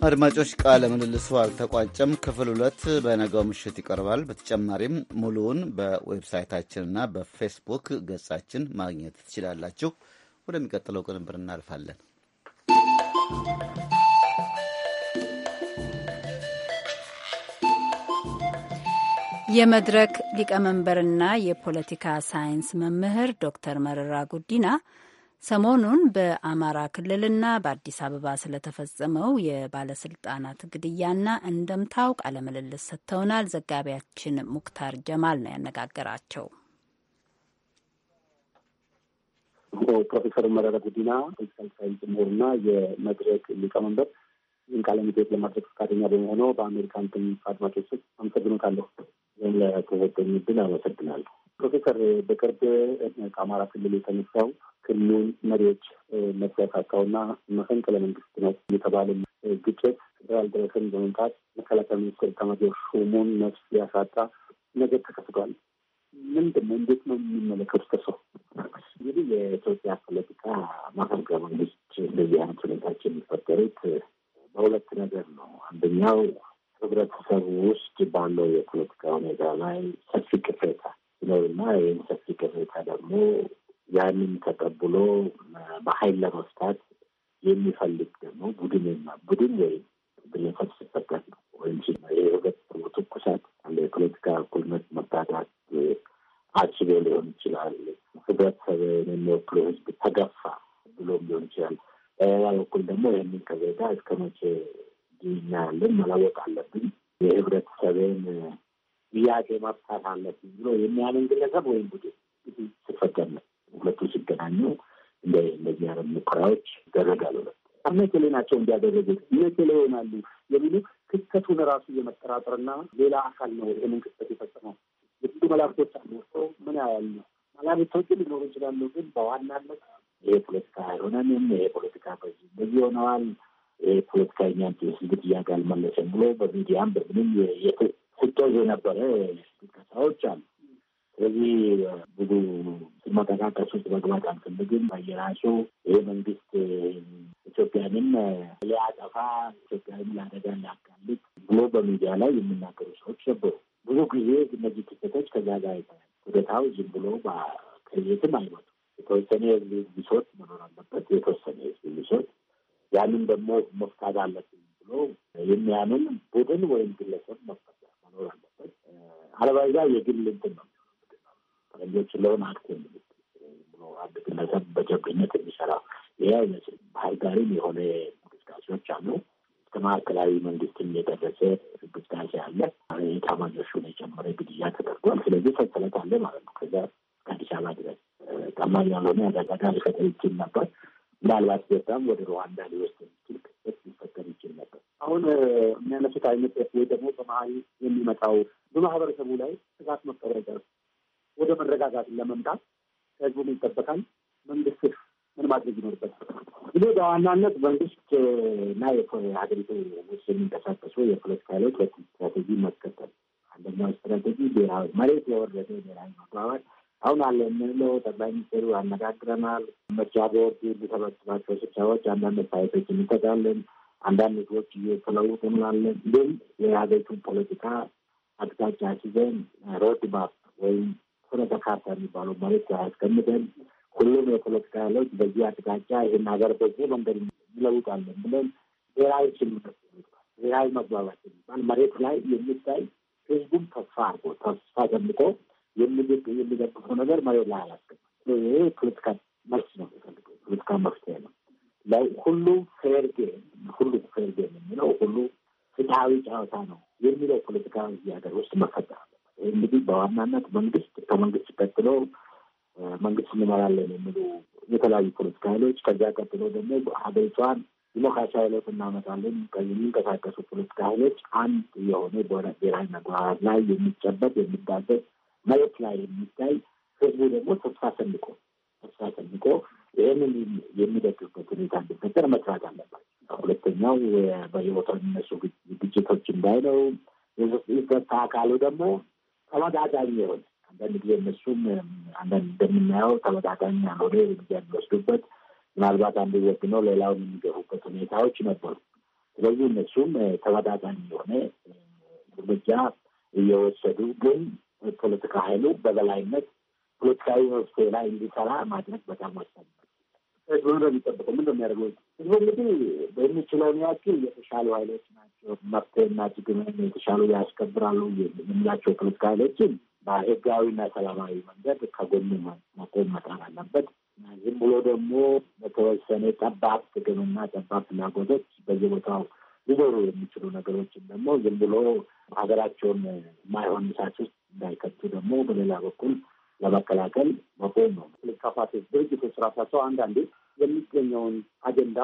አድማጮች ቃለ ምልልሱ አልተቋጨም። ክፍል ሁለት በነገው ምሽት ይቀርባል። በተጨማሪም ሙሉውን በዌብሳይታችንና በፌስቡክ ገጻችን ማግኘት ትችላላችሁ። ወደሚቀጥለው ቅንብር እናልፋለን። የመድረክ ሊቀመንበርና የፖለቲካ ሳይንስ መምህር ዶክተር መረራ ጉዲና ሰሞኑን በአማራ ክልልና በአዲስ አበባ ስለተፈጸመው የባለስልጣናት ግድያና እንደምታው ቃለ ሰጥተውናል። ዘጋቢያችን ሙክታር ጀማል ነው ያነጋገራቸው። ፕሮፌሰር መረራ ጉዲና ፖለቲካል ሳይንስ ምሁርና የመድረክ ሊቀመንበር ይህን ቃለ መጠይቅ ለማድረግ ፈቃደኛ በመሆኑ በአሜሪካን ድምፅ አድማጮች አመሰግኖታለሁ። ይህም ለተወደኝ ድል አመሰግናለሁ። ፕሮፌሰር በቅርብ ከአማራ ክልል የተነሳው ክልሉን መሪዎች መበታታውና መፈንቅለ መንግስት ነው የተባለ ግጭት ፌደራል ድረስን በመምጣት መከላከያ ሚኒስትር ኤታማዦር ሹሙን ነፍስ ያሳጣ ነገር ተከስቷል። ምንድን ነው? እንዴት ነው የሚመለከቱ ተሰው እንግዲህ የኢትዮጵያ ፖለቲካ መፈንቅለ መንግስት እንደዚህ አይነት ሁኔታዎች የሚፈጠሩት በሁለት ነገር ነው። አንደኛው ህብረተሰቡ ውስጥ ባለው የፖለቲካ ሁኔታ ላይ ሰፊ ቅሬታ ሲኖርና ይህን ሰፊ ቅሬታ ደግሞ ያንን ተቀብሎ በሀይል ለመፍታት የሚፈልግ ደግሞ ቡድን ቡድን ወይም ብልፈት ወይም ነው ወይም የሁለት ትኩሳት አለ የፖለቲካ እኩልነት መጋዳት አችሎ ሊሆን ይችላል። ህብረተሰብ የሚወክሉ ህዝብ ተገፋ ብሎም ሊሆን ይችላል። በሌላ በኩል ደግሞ ይህንን ከዜጋ እስከ መቼ ጊኛ ያለን መለወጥ አለብን የህብረተሰብን ጥያቄ ማፍታት አለብን ብሎ የሚያምን ግለሰብ ወይም ቡድን ሲፈጠር ነው። ሁለቱ ሲገናኙ እንደዚህ ያለ ሙከራዎች ይደረጋል ሁለት እነከሌ ናቸው እንዲያደረጉት እነከሌ ይሆናሉ የሚሉ ክስተቱን ራሱ የመጠራጠርና ሌላ አካል ነው ይህንን ክስተት የፈጸመው። ብዙ መላክቶች አልወርሰው ምን ያያል ነው መላክቶች ሊኖሩ ይችላሉ፣ ግን በዋናነት ይህ የፖለቲካ አይሆነንም፣ የፖለቲካ በዚህ በዚህ ሆነዋል፣ ይህ ፖለቲካ እኛን ስግት እያጋል መለሰን ብሎ በሚዲያም በምንም ሲጦዝ የነበረ ቅስቀሳዎች አሉ። ስለዚህ ብዙ መጠቃቀስ ውስጥ መግባት አልፈልግም። በየራሱ ይህ መንግስት ኢትዮጵያንም ሊያጠፋ ኢትዮጵያንም ለአደጋ ሊያጋልጥ ብሎ በሚዲያ ላይ የሚናገሩ ሰዎች ነበሩ። ብዙ ጊዜ እነዚህ ክስተቶች ከዛ ጋር ይታያል። ዝም ብሎ ከየትም አይመጡ። የተወሰነ የህዝብ ብሶት መኖር አለበት። የተወሰነ የህዝብ ብሶት ያንን ደግሞ መፍታት አለብን ብሎ የሚያምን ቡድን ወይም ግለሰብ መፍታት መኖር አለበት። አለበዛ የግል እንትን ነው። ፈረንጆች ለሆን አክት ብሎ አንድ ግለሰብ በጀብነት የሚሰራ ይህ ባህር ጋርም የሆነ እንቅስቃሴዎች አሉ። እስከ ማዕከላዊ መንግስትም የደረሰ እንቅስቃሴ አለ። የታማዦቹን የጨመረ ግድያ ተደርጓል። ስለዚህ ሰንሰለት አለ ማለት ነው። ከዛ ከአዲስ አበባ ድረስ ቀላል ያልሆነ አደጋ ሊፈጠር ይችል ነበር። ምናልባት በጣም ወደ ሩዋንዳ ሊወስድ የሚችል ክስተት ሊፈጠር ይችል ነበር። አሁን የሚያነሱት አይነት ወይ ደግሞ በመሀል የሚመጣው በማህበረሰቡ ላይ ስጋት መቀበረ ወደ መረጋጋት ለመምጣት ከህዝቡም ይጠበቃል መንግስት ምን ማድረግ ይኖርበታል? ይህ በዋናነት መንግስት እና የሀገሪቱ ውስጥ የሚንቀሳቀሱ የፖለቲካ ኃይሎች ስትራቴጂ መከተል አንደኛው ስትራቴጂ ብሔራዊ መሬት የወረደ ብሔራዊ መግባባት አሁን አለ የምንለው ጠቅላይ ሚኒስትሩ አነጋግረናል። ምርጫ ቦርድ የሚሰበስባቸው ስብሰባዎች አንዳንድ ሳይቶች እንተጋለን። አንዳንድ ህዝቦች እየተለውጡ እንላለን። ግን የሀገሪቱን ፖለቲካ አቅጣጫ ሲዘን ሮድማፕ ወይም ፍኖተ ካርታ የሚባለው መሬት ያስቀምጠን ሁሉም የፖለቲካ ኃይሎች በዚህ አቅጣጫ ይህን ሀገር በዚህ መንገድ ይለውጣለን ብለን ብሔራዊ ስምምነት ብሔራዊ መግባባት የሚባል መሬት ላይ የሚታይ ህዝቡም ተስፋ አርጎ ተስፋ ሰንቆ የሚደግፈው ነገር መሬት ላይ አላስገባም። ይሄ ፖለቲካ መልስ ነው የሚፈልገው፣ ፖለቲካ መፍትሄ ነው። ሁሉ ፌር ጌም፣ ሁሉ ፌር ጌም የሚለው ሁሉ ፍትሀዊ ጨዋታ ነው የሚለው ፖለቲካ እዚህ ሀገር ውስጥ መፈጠር አለበት። ይህ እንግዲህ በዋናነት መንግስት ከመንግስት ቀጥሎ መንግስት እንመራለን የሚሉ የተለያዩ ፖለቲካ ኃይሎች ከዚያ ቀጥሎ ደግሞ ሀገሪቷን ዲሞክራሲያዊ ለውጥ እናመጣለን የሚንቀሳቀሱ ፖለቲካ ኃይሎች አንድ የሆነ በሆነ ብሔራዊ መግባባት ላይ የሚጨበጥ የሚዳበት መሬት ላይ የሚታይ ህዝቡ ደግሞ ተስፋ ሰንቆ ተስፋ ሰንቆ ይህንን የሚደግፍበት ሁኔታ እንዲፈጠር መስራት አለባቸው። ሁለተኛው በየቦታው የሚነሱ ግጭቶች እንዳይነው የጸጥታ አካሉ ደግሞ ተመጣጣኝ የሆነ አንዳንድ ጊዜ እነሱም አንዳንድ እንደምናየው ተመጣጣኝ ያልሆነ እርምጃ የሚወስዱበት ምናልባት አንዱ ወግ ነው ሌላውን የሚገቡበት ሁኔታዎች ነበሩ። ስለዚህ እነሱም ተመጣጣኝ የሆነ እርምጃ እየወሰዱ ግን ፖለቲካ ኃይሉ በበላይነት ፖለቲካዊ መፍትሄ ላይ እንዲሰራ ማድረግ በጣም ወሳኝ ነው። ህዝቡ የሚጠብቀው ምንድን የሚያደርገው? ህዝቡ እንግዲህ በሚችለውን ያክል የተሻሉ ኃይሎች ናቸው መፍትሄና ችግር የተሻሉ ያስከብራሉ የምንላቸው ፖለቲካ ኃይሎችን በህጋዊና ሰላማዊ መንገድ ከጎኑ መቆም መጣር አለበት። ዝም ብሎ ደግሞ በተወሰነ ጠባብ ጥቅምና ጠባብ ፍላጎቶች በየቦታው ሊኖሩ የሚችሉ ነገሮችን ደግሞ ዝም ብሎ ሀገራቸውን የማይሆን ምሳች ውስጥ እንዳይከቱ ደግሞ በሌላ በኩል ለመከላከል መቆም ነው። ልካፋት ድርጅቶች ራሳቸው አንዳንዴ የሚገኘውን አጀንዳ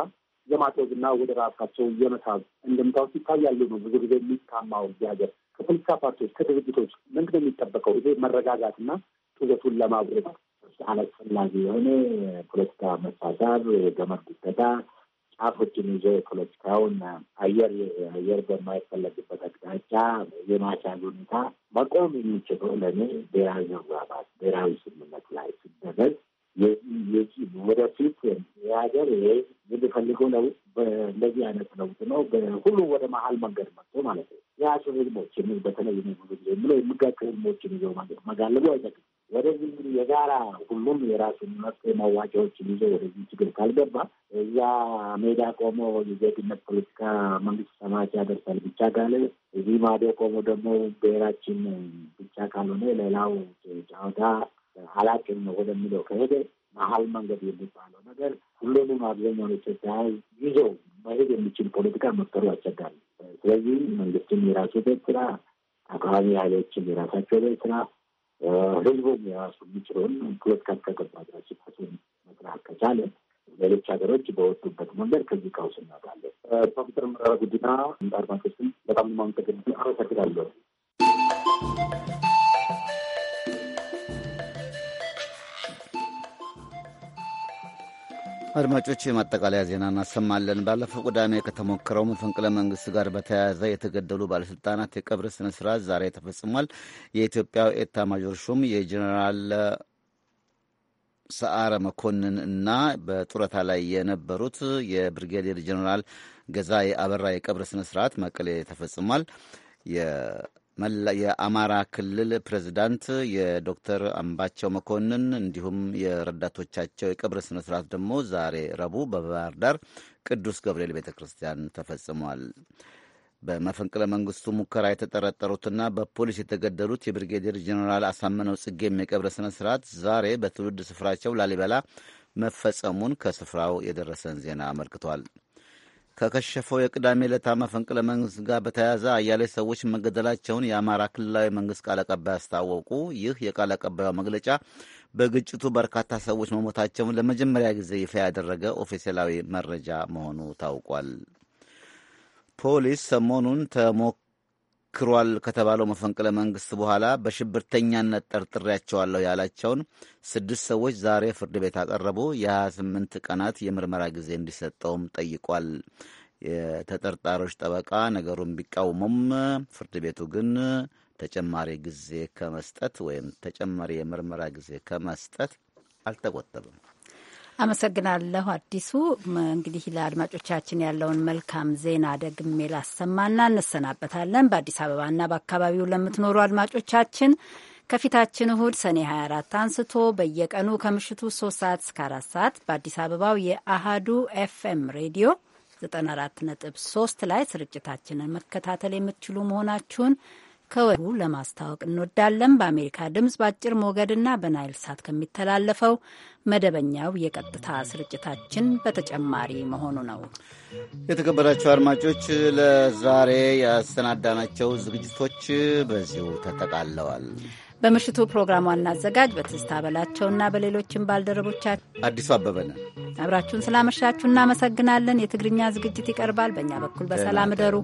የማጥወዝና ወደ ራሳቸው የመሳብ እንድምታዎች ይታያሉ ነው ብዙ ጊዜ የሚታማው ሀገር ከፖለቲካ ፓርቲዎች፣ ከድርጅቶች ምንድነው የሚጠበቀው? ይሄ መረጋጋትና ጡዘቱን ለማብረድ አላስፈላጊ የሆነ ፖለቲካ መሳሳብ፣ ገመድ ጉተታ፣ ጫፎችን ይዞ የፖለቲካውን አየር አየር በማይፈለግበት አቅጣጫ የማቻል ሁኔታ መቆም የሚችለው ለእኔ ብሔራዊ መግባባት፣ ብሔራዊ ስምምነት ላይ ሲደረግ ወደፊት የሀገር የሚፈልገው ለውጥ እንደዚህ አይነት ለውጥ ነው። ሁሉ ወደ መሀል መንገድ መ የሚል በተለይ ብዙ ጊዜ የምለው የምጋቸው ህልሞችን ይዘው መጋለቡ አይጠቅም። ወደዚህ የጋራ ሁሉም የራሱን መፍትሄ መዋጫዎችን ይዞ ወደዚህ ችግር ካልገባ እዛ ሜዳ ቆሞ የዜግነት ፖለቲካ መንግስት ሰማች ያደርሳል ብቻ ጋለ እዚህ ማዶ ቆሞ ደግሞ ብሔራችን ብቻ ካልሆነ ሌላው ጫወታ አላቅም ወደሚለው ከሄደ መሀል መንገድ የሚባለው ነገር ሁሉንም አብዛኛውን ኢትዮጵያ ይዞ መሄድ የሚችል ፖለቲካ መፍጠሩ አስቸጋሪ ስለዚህ መንግስትም የራሱ ቤት ስራ፣ አካባቢ ኃይሎችም የራሳቸው ቤት ስራ፣ ህዝቡም የራሱ የሚችለውን ፖለቲካ ተገባራች ራሱን መስራት ከቻለ ሌሎች ሀገሮች በወጡበት መንገድ ከዚህ ቀውስ እናውቃለን። ፕሮፌሰር መረራ ጉዲና አድማጮችን በጣም ማመሰግናለሁ። አድማጮች የማጠቃለያ ዜና እናሰማለን። ባለፈው ቅዳሜ ከተሞከረው መፈንቅለ መንግስት ጋር በተያያዘ የተገደሉ ባለስልጣናት የቀብር ስነ ስርዓት ዛሬ ተፈጽሟል። የኢትዮጵያው ኤታ ማጆር ሹም የጀኔራል ሰዓረ መኮንን እና በጡረታ ላይ የነበሩት የብሪጌዲየር ጀኔራል ገዛ የአበራ የቀብር ስነ ስርዓት መቀሌ ተፈጽሟል። የአማራ ክልል ፕሬዚዳንት የዶክተር አምባቸው መኮንን እንዲሁም የረዳቶቻቸው የቀብር ስነ ስርዓት ደግሞ ዛሬ ረቡዕ በባህር ዳር ቅዱስ ገብርኤል ቤተ ክርስቲያን ተፈጽሟል። በመፈንቅለ መንግስቱ ሙከራ የተጠረጠሩትና በፖሊስ የተገደሉት የብሪጌዲየር ጀኔራል አሳምነው ጽጌም የቀብር ስነ ስርዓት ዛሬ በትውልድ ስፍራቸው ላሊበላ መፈጸሙን ከስፍራው የደረሰን ዜና አመልክቷል። ከከሸፈው የቅዳሜ ዕለት መፈንቅለ መንግስት ጋር በተያያዘ አያሌ ሰዎች መገደላቸውን የአማራ ክልላዊ መንግስት ቃል አቀባይ አስታወቁ። ይህ የቃል አቀባዩ መግለጫ በግጭቱ በርካታ ሰዎች መሞታቸውን ለመጀመሪያ ጊዜ ይፋ ያደረገ ኦፊሴላዊ መረጃ መሆኑ ታውቋል። ፖሊስ ሰሞኑን ተሞክ ክሯል ከተባለው መፈንቅለ መንግስት በኋላ በሽብርተኛነት ጠርጥሬያቸዋለሁ ያላቸውን ስድስት ሰዎች ዛሬ ፍርድ ቤት አቀረቡ። የ28 ቀናት የምርመራ ጊዜ እንዲሰጠውም ጠይቋል። የተጠርጣሪዎች ጠበቃ ነገሩን ቢቃውሙም ፍርድ ቤቱ ግን ተጨማሪ ጊዜ ከመስጠት ወይም ተጨማሪ የምርመራ ጊዜ ከመስጠት አልተቆጠበም። አመሰግናለሁ አዲሱ። እንግዲህ ለአድማጮቻችን ያለውን መልካም ዜና ደግሜ ላሰማና እንሰናበታለን። በአዲስ አበባና በአካባቢው ለምትኖሩ አድማጮቻችን ከፊታችን እሁድ ሰኔ 24 አንስቶ በየቀኑ ከምሽቱ 3 ሰዓት እስከ 4 ሰዓት በአዲስ አበባው የአሃዱ ኤፍኤም ሬዲዮ 94.3 ላይ ስርጭታችንን መከታተል የምትችሉ መሆናችሁን ከወሩ ለማስታወቅ እንወዳለን። በአሜሪካ ድምፅ በአጭር ሞገድና በናይል ሳት ከሚተላለፈው መደበኛው የቀጥታ ስርጭታችን በተጨማሪ መሆኑ ነው። የተከበራቸው አድማጮች ለዛሬ ያሰናዳናቸው ዝግጅቶች በዚሁ ተጠቃለዋል። በምሽቱ ፕሮግራም ዋና አዘጋጅ በትዝታ በላቸውና በሌሎችም ባልደረቦቻችን አዲሱ አበበነ አብራችሁን ስላመሻችሁ እናመሰግናለን። የትግርኛ ዝግጅት ይቀርባል። በእኛ በኩል በሰላም እደሩ።